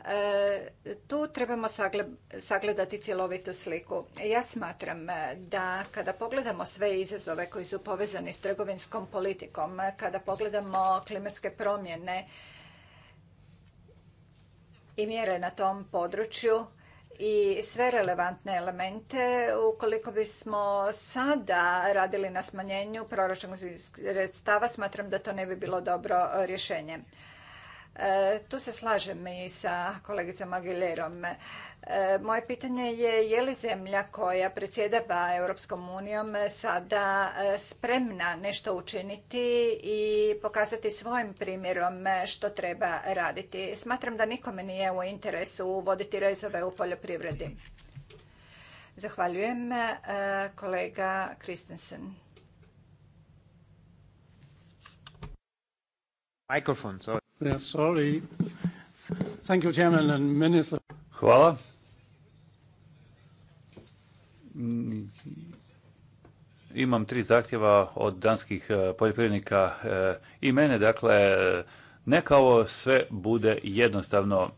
E, tu trebamo sagledati cjelovitu sliku. Ja smatram e, da kada pogledamo sve izazove koji su povezani s trgovinskom politikom, kada pogledamo klimatske promjene i mjere na tom području, i sve relevantne elemente. Ukoliko bismo sada radili na smanjenju proračunskih sredstava, smatram da to ne bi bilo dobro rješenje. E, tu se slažem i sa kolegicom Aguilerom. E, moje pitanje je je li zemlja koja predsjedava Europskom unijom sada e, spremna nešto učiniti i pokazati svojim primjerom što treba raditi. Smatram da nikome nije u interesu uvoditi rezove u poljoprivredi. Zahvaljujem kolega Kristensen. Mikrofon, sorry. Hvala. Imam tri zahtjeva od danskih eh, poljoprivrednika eh, i mene, dakle, neka ovo sve bude jednostavno.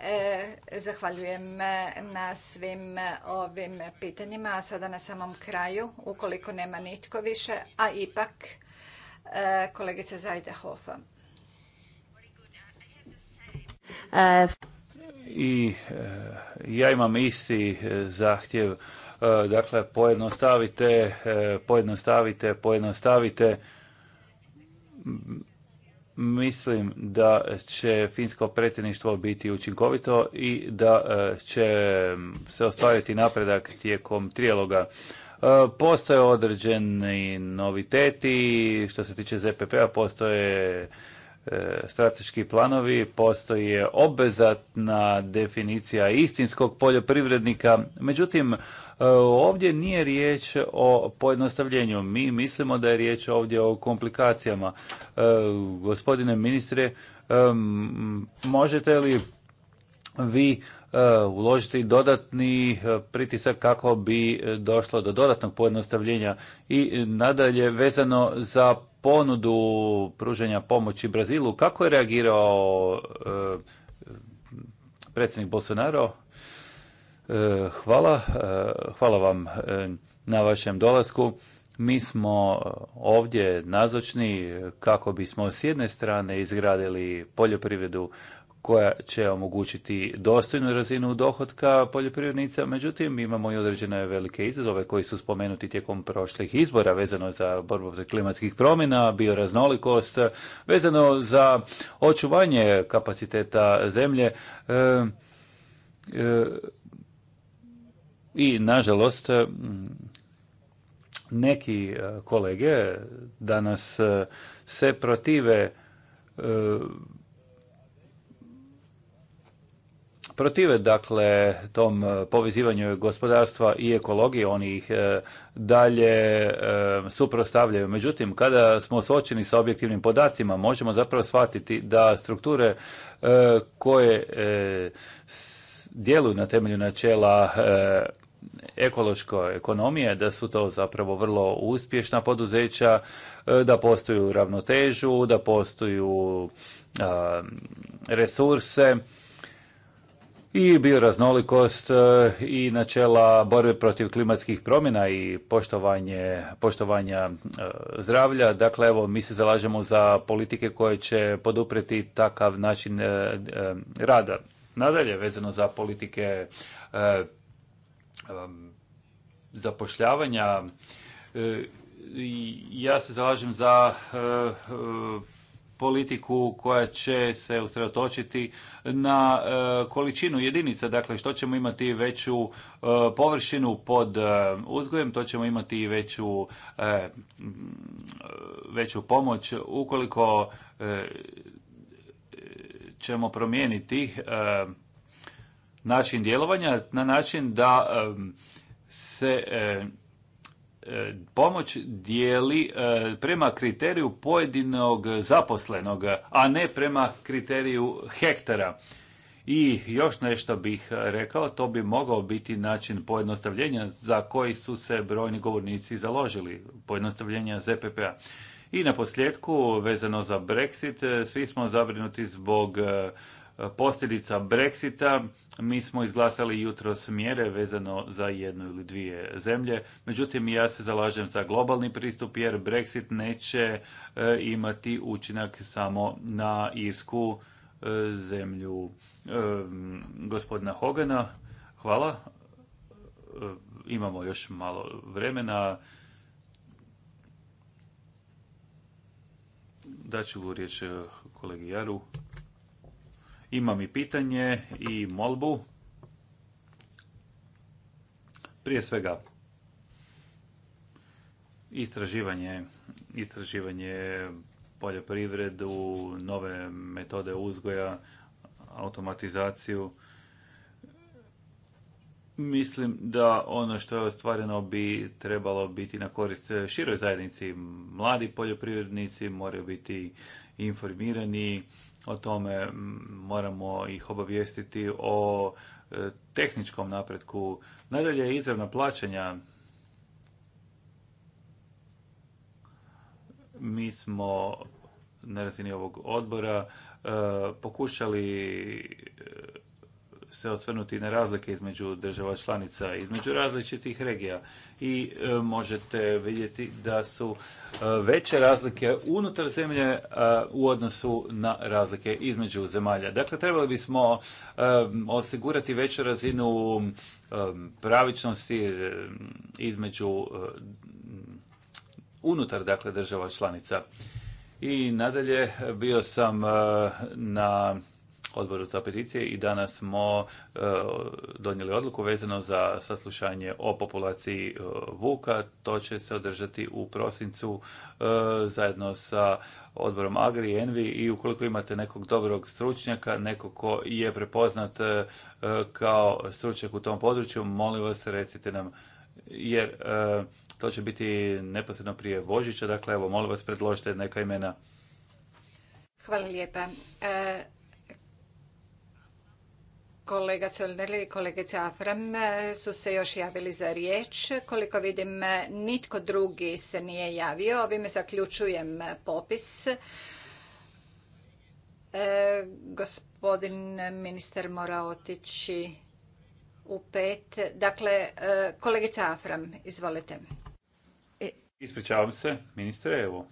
Eh, zahvaljujem na svim ovim pitanjima, a sada na samom kraju, ukoliko nema nitko više, a ipak i e, ja imam isti e, zahtjev. E, dakle, pojednostavite, pojednostavite, pojednostavite. Mislim da će finsko predsjedništvo biti učinkovito i da će se ostvariti napredak tijekom trijaloga. E, postoje određeni noviteti, što se tiče ZPP-a postoje e, strateški planovi, postoji obvezatna definicija istinskog poljoprivrednika. Međutim, e, ovdje nije riječ o pojednostavljenju. Mi mislimo da je riječ ovdje o komplikacijama. Gospodine ministre, možete li vi E, uložiti dodatni e, pritisak kako bi e, došlo do dodatnog pojednostavljenja i nadalje vezano za ponudu pružanja pomoći Brazilu. Kako je reagirao predsjednik Bolsonaro? Hvala. Hvala vam na vašem dolasku. Mi smo ovdje nazočni kako bismo s jedne strane izgradili poljoprivredu koja će omogućiti dostojnu razinu dohotka poljoprivrednica, međutim imamo i određene velike izazove koji su spomenuti tijekom prošlih izbora vezano za borbu protiv klimatskih promjena, bioraznolikost, vezano za očuvanje kapaciteta zemlje e, e, i nažalost mm, neki e, kolege danas se protive protive dakle tom e, povezivanju gospodarstva i ekologije, oni ih e, dalje e, suprotstavljaju. Međutim, kada smo suočeni sa objektivnim podacima, možemo zapravo shvatiti da strukture koje djeluju na temelju načela ekološke ekonomije, da su to zapravo vrlo uspješna poduzeća, da postoju ravnotežu, da postoju resurse, i bioraznolikost e, i načela borbe protiv klimatskih promjena i poštovanje, poštovanja e, zdravlja. Dakle, evo, mi se zalažemo za politike koje će poduprijeti takav način e, rada. Nadalje, vezano za politike zapošljavanja, ja se zalažem za politiku koja će se usredotočiti na e, količinu jedinica. Dakle, što ćemo imati veću e, površinu pod e, uzgojem, to ćemo imati i veću, veću pomoć. Ukoliko ćemo promijeniti način djelovanja na način da se E, pomoć dijeli e, prema kriteriju pojedinog zaposlenog, a ne prema kriteriju hektara. I još nešto bih rekao, to bi mogao biti način pojednostavljenja za koji su se brojni govornici založili, pojednostavljenja ZPP-a. I na posljedku, vezano za Brexit, e, svi smo zabrinuti zbog posljedica Brexita. Mi smo izglasali jutros smjere vezano za jednu ili dvije zemlje. Međutim, ja se zalažem za globalni pristup jer Brexit neće e, imati učinak samo na Irsku e, zemlju e, gospodina Hogana. Hvala. Imamo još malo vremena. Daću riječ kolegi Jaru. Imam i pitanje i molbu. Prije svega, istraživanje, istraživanje poljoprivredu, nove metode uzgoja, automatizaciju. Mislim da ono što je ostvareno bi trebalo biti na korist široj zajednici. Mladi poljoprivrednici moraju biti informirani, o tome moramo ih obavijestiti o e, tehničkom napretku. Nadalje, izravna plaćanja. Mi smo na razini ovog odbora e, pokušali e, se osvrnuti na razlike između država članica, između različitih regija i e, možete vidjeti da su e, veće razlike unutar zemlje e, u odnosu na razlike između zemalja. Dakle, trebali bismo osigurati veću razinu pravičnosti između unutar dakle država članica. I nadalje bio sam na odboru za peticije i danas smo e, donijeli odluku vezano za saslušanje o populaciji e, Vuka. To će se održati u prosincu e, zajedno sa odborom Agri i Envi i ukoliko imate nekog dobrog stručnjaka, nekog ko je prepoznat kao stručnjak u tom području, molim vas recite nam jer to će biti neposredno prije Vožića, dakle evo molim vas predložite neka imena. Hvala lijepa. Kolega Colner i kolegica Afram e, su se još javili za riječ. Koliko vidim, e, nitko drugi se nije javio. Ovime zaključujem e, popis. gospodin ministar mora otići u pet. Dakle, kolegica Afram, izvolite. Ispričavam se, ministre, evo.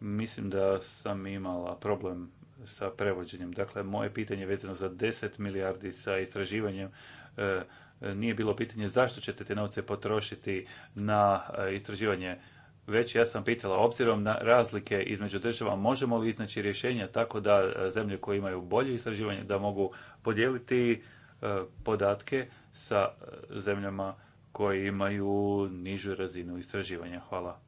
Mislim da sam imala problem sa prevođenjem. Dakle, moje pitanje vezano za 10 milijardi sa istraživanjem e, nije bilo pitanje zašto ćete te novce potrošiti na e, istraživanje već ja sam pitala, obzirom na razlike između država, možemo li iznaći rješenja tako da e, zemlje koje imaju bolje istraživanje da mogu podijeliti podatke sa zemljama koje imaju nižu razinu istraživanja? Hvala.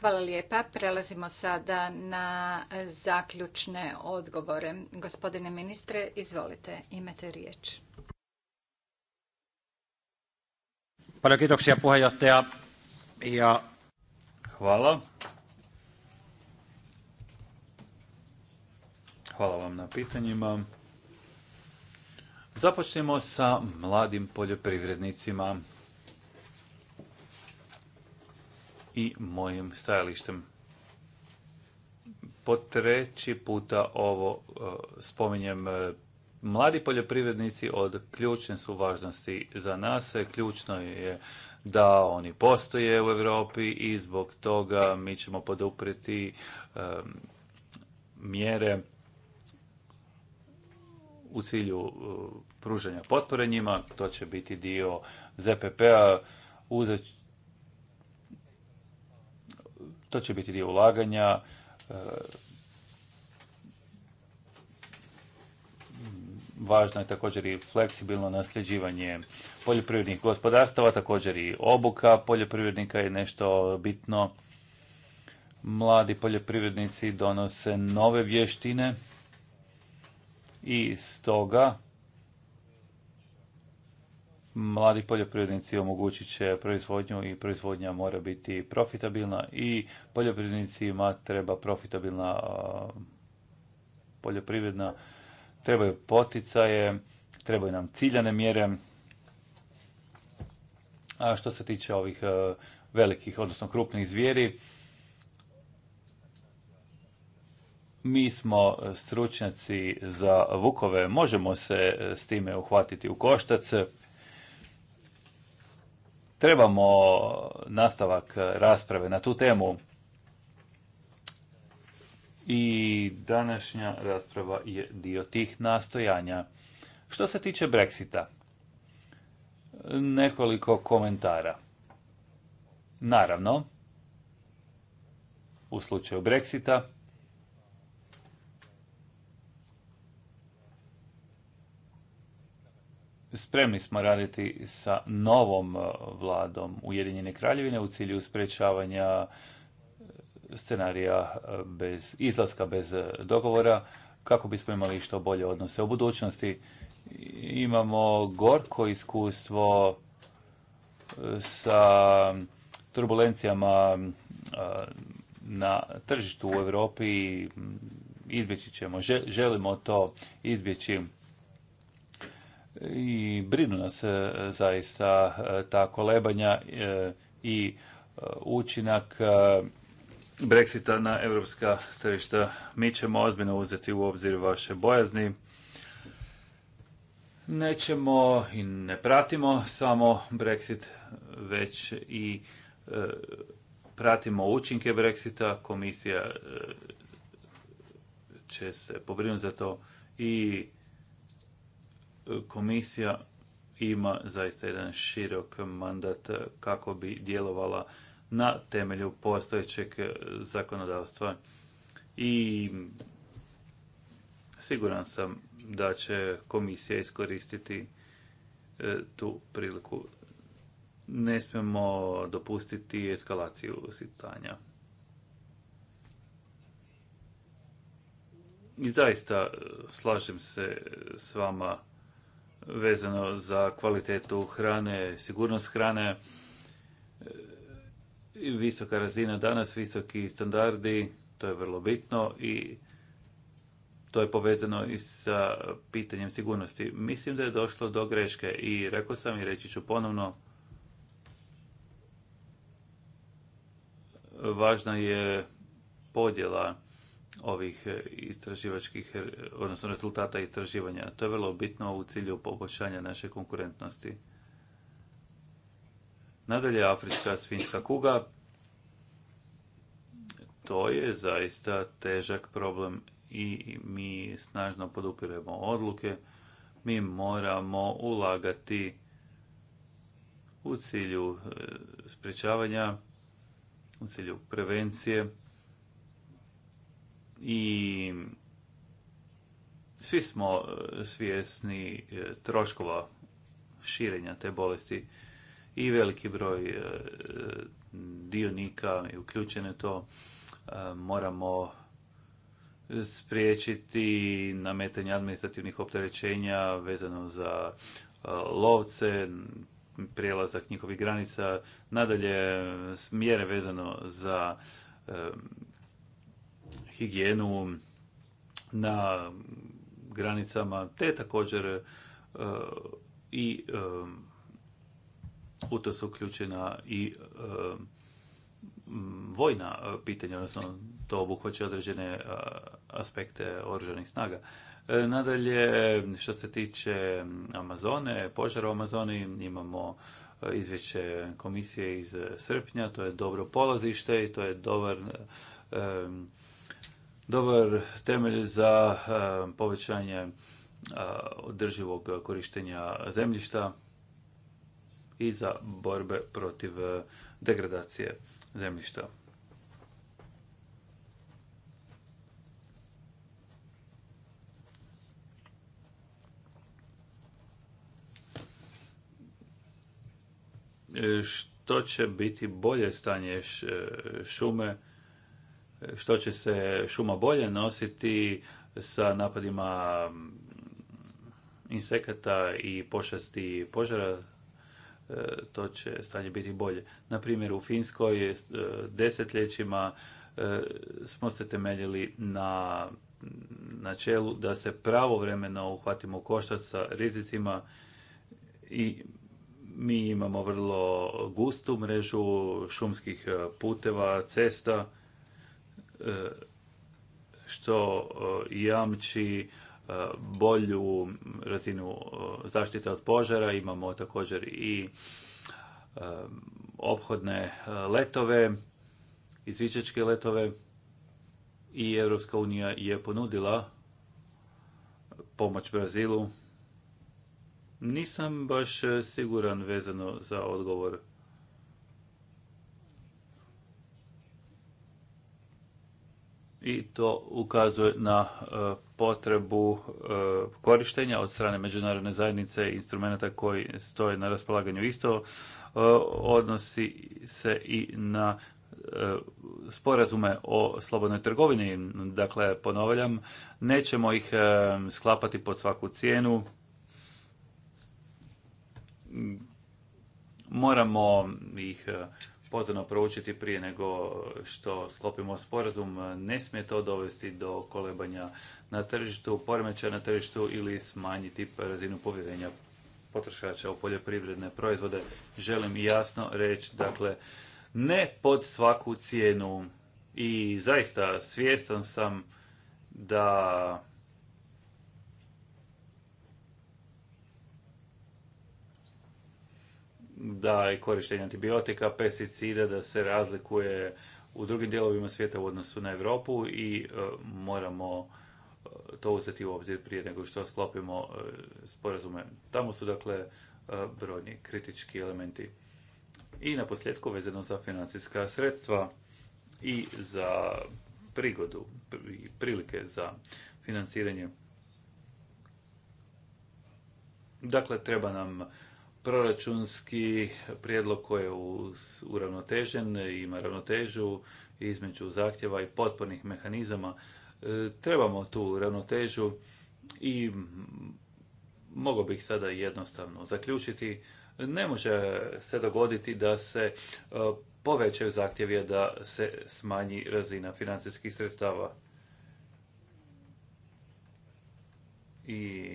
Hvala lijepa. Prelazimo sada na zaključne odgovore. Gospodine ministre, izvolite, imate riječ. Hvala. Hvala vam na pitanjima. Započnemo sa mladim poljoprivrednicima. i mojim stajalištem. Po treći puta ovo e, spominjem e, Mladi poljoprivrednici od ključne su važnosti za nas. E, ključno je da oni postoje u Europi i zbog toga mi ćemo poduprijeti mjere u cilju pružanja potpore njima. To će biti dio ZPP-a. Uzet to će biti dio ulaganja, e, važno je također i fleksibilno nasljeđivanje poljoprivrednih gospodarstava, također i obuka poljoprivrednika je nešto bitno. Mladi poljoprivrednici donose nove vještine i stoga Mladi poljoprivrednici omogućit će proizvodnju i proizvodnja mora biti profitabilna i poljoprivrednicima treba profitabilna poljoprivredna, trebaju poticaje, trebaju nam ciljane mjere. A što se tiče ovih e, velikih, odnosno krupnih zvijeri, mi smo stručnjaci za vukove, možemo se s time uhvatiti u koštac. Trebamo nastavak rasprave na tu temu. I današnja rasprava je dio tih nastojanja. Što se tiče Brexita, nekoliko komentara. Naravno, u slučaju Brexita Spremni smo raditi sa novom e, vladom Ujedinjene kraljevine u cilju sprečavanja e, scenarija e, bez izlaska, bez dogovora, kako bismo imali što bolje odnose u budućnosti. Imamo gorko iskustvo sa turbulencijama na tržištu u Europi. Izbjeći ćemo, želimo to izbjeći i brinu nas e, zaista e, ta kolebanja e, i učinak Brexita na europska tržišta. Mi ćemo ozbiljno uzeti u obzir vaše bojazni. Nećemo i ne pratimo samo Brexit, već i pratimo učinke Brexita. Komisija će se pobrinuti za to i komisija ima zaista jedan širok mandat kako bi djelovala na temelju postojećeg zakonodavstva i siguran sam da će komisija iskoristiti e, tu priliku. Ne smijemo dopustiti eskalaciju situanja. I zaista e, slažem se s vama vezano za kvalitetu hrane, sigurnost hrane, e, visoka razina danas, visoki standardi, to je vrlo bitno i to je povezano i sa pitanjem sigurnosti. Mislim da je došlo do greške i rekao sam i reći ću ponovno, važna je podjela ovih e, istraživačkih, e, odnosno rezultata istraživanja. To je vrlo bitno u cilju poboljšanja naše konkurentnosti. Nadalje, afrička svinjska kuga. To je zaista težak problem i mi snažno podupiremo odluke. Mi moramo ulagati u cilju e, sprečavanja, u cilju prevencije i svi smo e, svjesni e, troškova širenja te bolesti i veliki broj e, dionika je uključen to. Moramo spriječiti nametanje administrativnih opterećenja vezano za lovce, prijelazak njihovih granica, nadalje mjere vezano za higijenu na granicama, te također e, i e, u to su uključena i e, vojna pitanja, odnosno to obuhvaća određene aspekte oružanih snaga. Nadalje, što se tiče Amazone, požara u Amazoni, imamo izvješće komisije iz srpnja, to je dobro polazište i to je dobar dobar temelj za e, povećanje e, održivog korištenja zemljišta i za borbe protiv e, degradacije zemljišta. Što će biti bolje stanje šume što će se šuma bolje nositi sa napadima insekata i pošasti požara, e, to će stanje biti bolje. Na primjer, u Finskoj e, desetljećima e, smo se temeljili na načelu da se pravovremeno uhvatimo u koštac sa rizicima i mi imamo vrlo gustu mrežu šumskih puteva, cesta, što e, jamči e, bolju razinu e, zaštite od požara. Imamo također i obhodne letove, izvičačke letove i Europska unija je ponudila pomoć Brazilu. Nisam baš siguran vezano za odgovor i to ukazuje na e, potrebu e, korištenja od strane međunarodne zajednice i instrumenta koji stoje na raspolaganju isto e, odnosi se i na sporazume o slobodnoj trgovini. Dakle, ponovljam, nećemo ih sklapati pod svaku cijenu. Moramo ih pozorno proučiti prije nego što sklopimo sporazum. Ne smije to dovesti do kolebanja na tržištu, poremećaja na tržištu ili smanjiti razinu povjerenja potrošača u poljoprivredne proizvode. Želim jasno reći, dakle, ne pod svaku cijenu i zaista svjestan sam da da je korištenje antibiotika, pesticida, da se razlikuje u drugim dijelovima svijeta u odnosu na Europu i e, moramo e, to uzeti u obzir prije nego što sklopimo e, sporazume. Tamo su dakle brojni kritički elementi. I na posljedku vezano za financijska sredstva i za prigodu i prilike za financiranje. Dakle, treba nam proračunski prijedlog koji je uravnotežen, ima ravnotežu između zahtjeva i potpornih mehanizama. E, trebamo tu ravnotežu i mogao bih sada jednostavno zaključiti, ne može se dogoditi da se e, povećaju zahtjevi da se smanji razina financijskih sredstava. I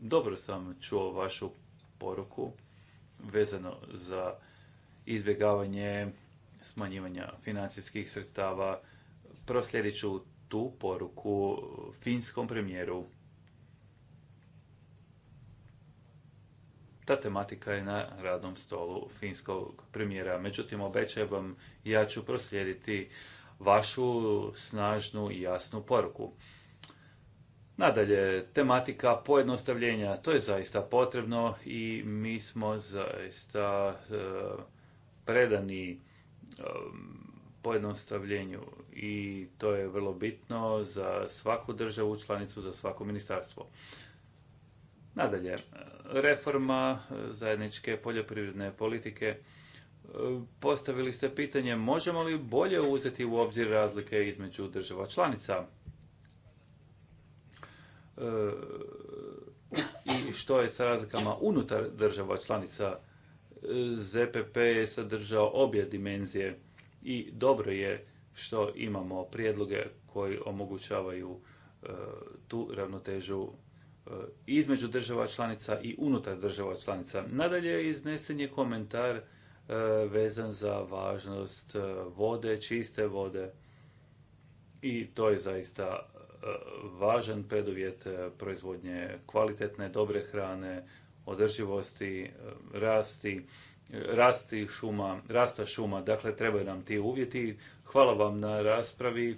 Dobro sam čuo vašu poruku vezano za izbjegavanje smanjivanja financijskih sredstava. Proslijedit ću tu poruku finskom premijeru. Ta tematika je na radnom stolu finskog premijera. Međutim, obećajem vam, ja ću proslijediti vašu snažnu i jasnu poruku. Nadalje, tematika pojednostavljenja, to je zaista potrebno i mi smo zaista e, predani e, pojednostavljenju i to je vrlo bitno za svaku državu članicu, za svako ministarstvo. Nadalje, reforma e, zajedničke poljoprivredne politike. Postavili ste pitanje možemo li bolje uzeti u obzir razlike između država članica? E, i što je sa razlikama unutar država članica. E, ZPP je sadržao obje dimenzije i dobro je što imamo prijedloge koji omogućavaju e, tu ravnotežu između država članica i unutar država članica. Nadalje je iznesen je komentar vezan za važnost vode, čiste vode i to je zaista važan preduvjet e, proizvodnje kvalitetne, dobre hrane, održivosti, e, rasti, e, rasti šuma, rasta šuma, dakle trebaju nam ti uvjeti. Hvala vam na raspravi.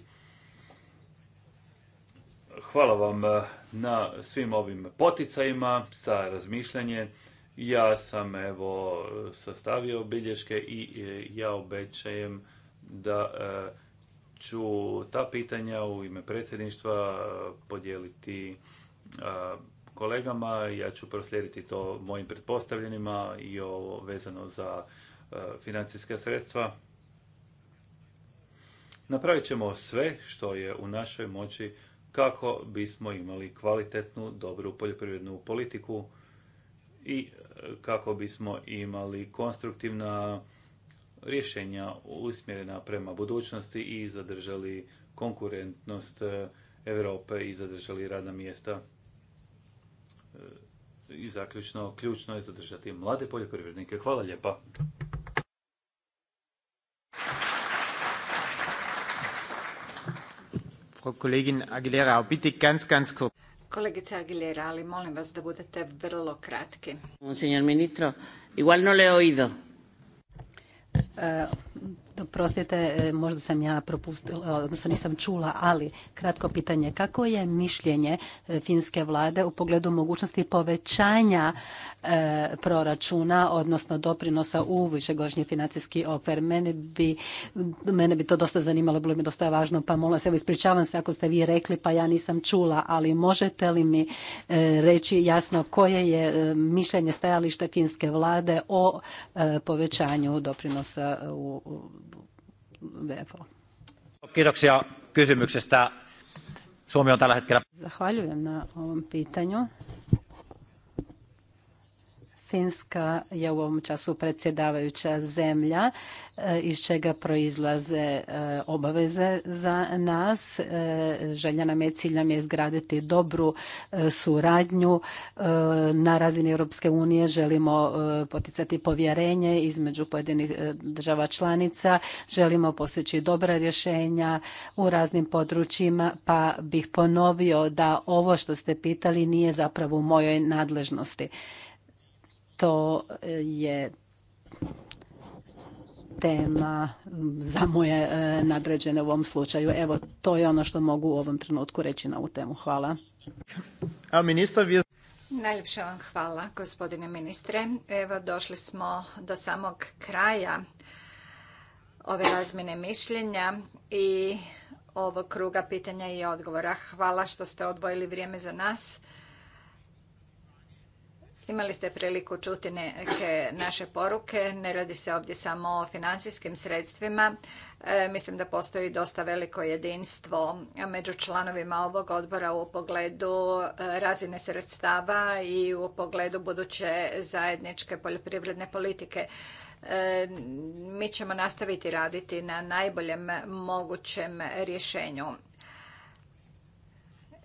Hvala vam na svim ovim poticajima za razmišljanje. Ja sam evo sastavio bilješke i ja obećajem da ću ta pitanja u ime predsjedništva e, podijeliti e, kolegama. Ja ću proslijediti to mojim pretpostavljenima i ovo vezano za e, financijska sredstva. Napravit ćemo sve što je u našoj moći kako bismo imali kvalitetnu, dobru poljoprivrednu politiku i kako bismo imali konstruktivna rješenja usmjerena prema budućnosti i zadržali konkurentnost e, Europe i zadržali radna mjesta. E, I zaključno, ključno je zadržati mlade poljoprivrednike. Hvala lijepa. Aguilera, bitte ganz, ganz Kolegice Aguilera, ali molim vas da budete vrlo kratki. Monsignor ministro, igual no le oído vi eh, Prostite, e, možda sam ja propustila, odnosno nisam čula, ali kratko pitanje. Kako je mišljenje e, finske vlade u pogledu mogućnosti povećanja e, proračuna, odnosno doprinosa u višegodišnji financijski oper Mene bi, mene bi to dosta zanimalo, bilo mi dosta važno, pa molim se, evo ispričavam se ako ste vi rekli, pa ja nisam čula, ali možete li mi reći jasno koje je mišljenje stajalište finske vlade o povećanju doprinosa u, u VFO. Kiitoksia kysymyksestä. Suomi on tällä hetkellä... Zahvaljujem na ovom pitanju. Finska je u ovom času predsjedavajuća zemlja e, iz čega proizlaze e, obaveze za nas. E, želja nam je, cilj nam je izgraditi dobru suradnju na razini Europske unije. Želimo poticati povjerenje između pojedinih država članica. Želimo postići dobra rješenja u raznim područjima, pa bih ponovio da ovo što ste pitali nije zapravo u mojoj nadležnosti to e, je tema za moje e, nadređene u ovom slučaju. Evo, to je ono što mogu u ovom trenutku reći na ovu temu. Hvala. vam hvala, gospodine ministre. Evo, došli smo do samog kraja ove razmjene mišljenja i ovog kruga pitanja i odgovora. Hvala što ste odvojili vrijeme za nas. Imali ste priliku čuti neke naše poruke. Ne radi se ovdje samo o financijskim sredstvima. E, mislim da postoji dosta veliko jedinstvo među članovima ovog odbora u pogledu e, razine sredstava i u pogledu buduće zajedničke poljoprivredne politike. E, mi ćemo nastaviti raditi na najboljem mogućem rješenju.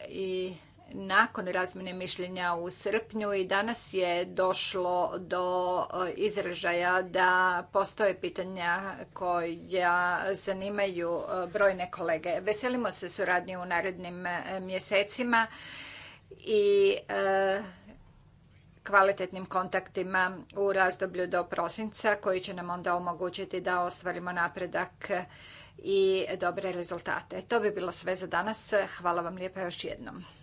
I nakon razmjene mišljenja u srpnju i danas je došlo do e, izražaja da postoje pitanja koja zanimaju e, brojne kolege. Veselimo se suradnji u narednim e, mjesecima i kvalitetnim kontaktima u razdoblju do prosinca koji će nam onda omogućiti da ostvarimo napredak i dobre rezultate. To bi bilo sve za danas. Hvala vam lijepa još jednom.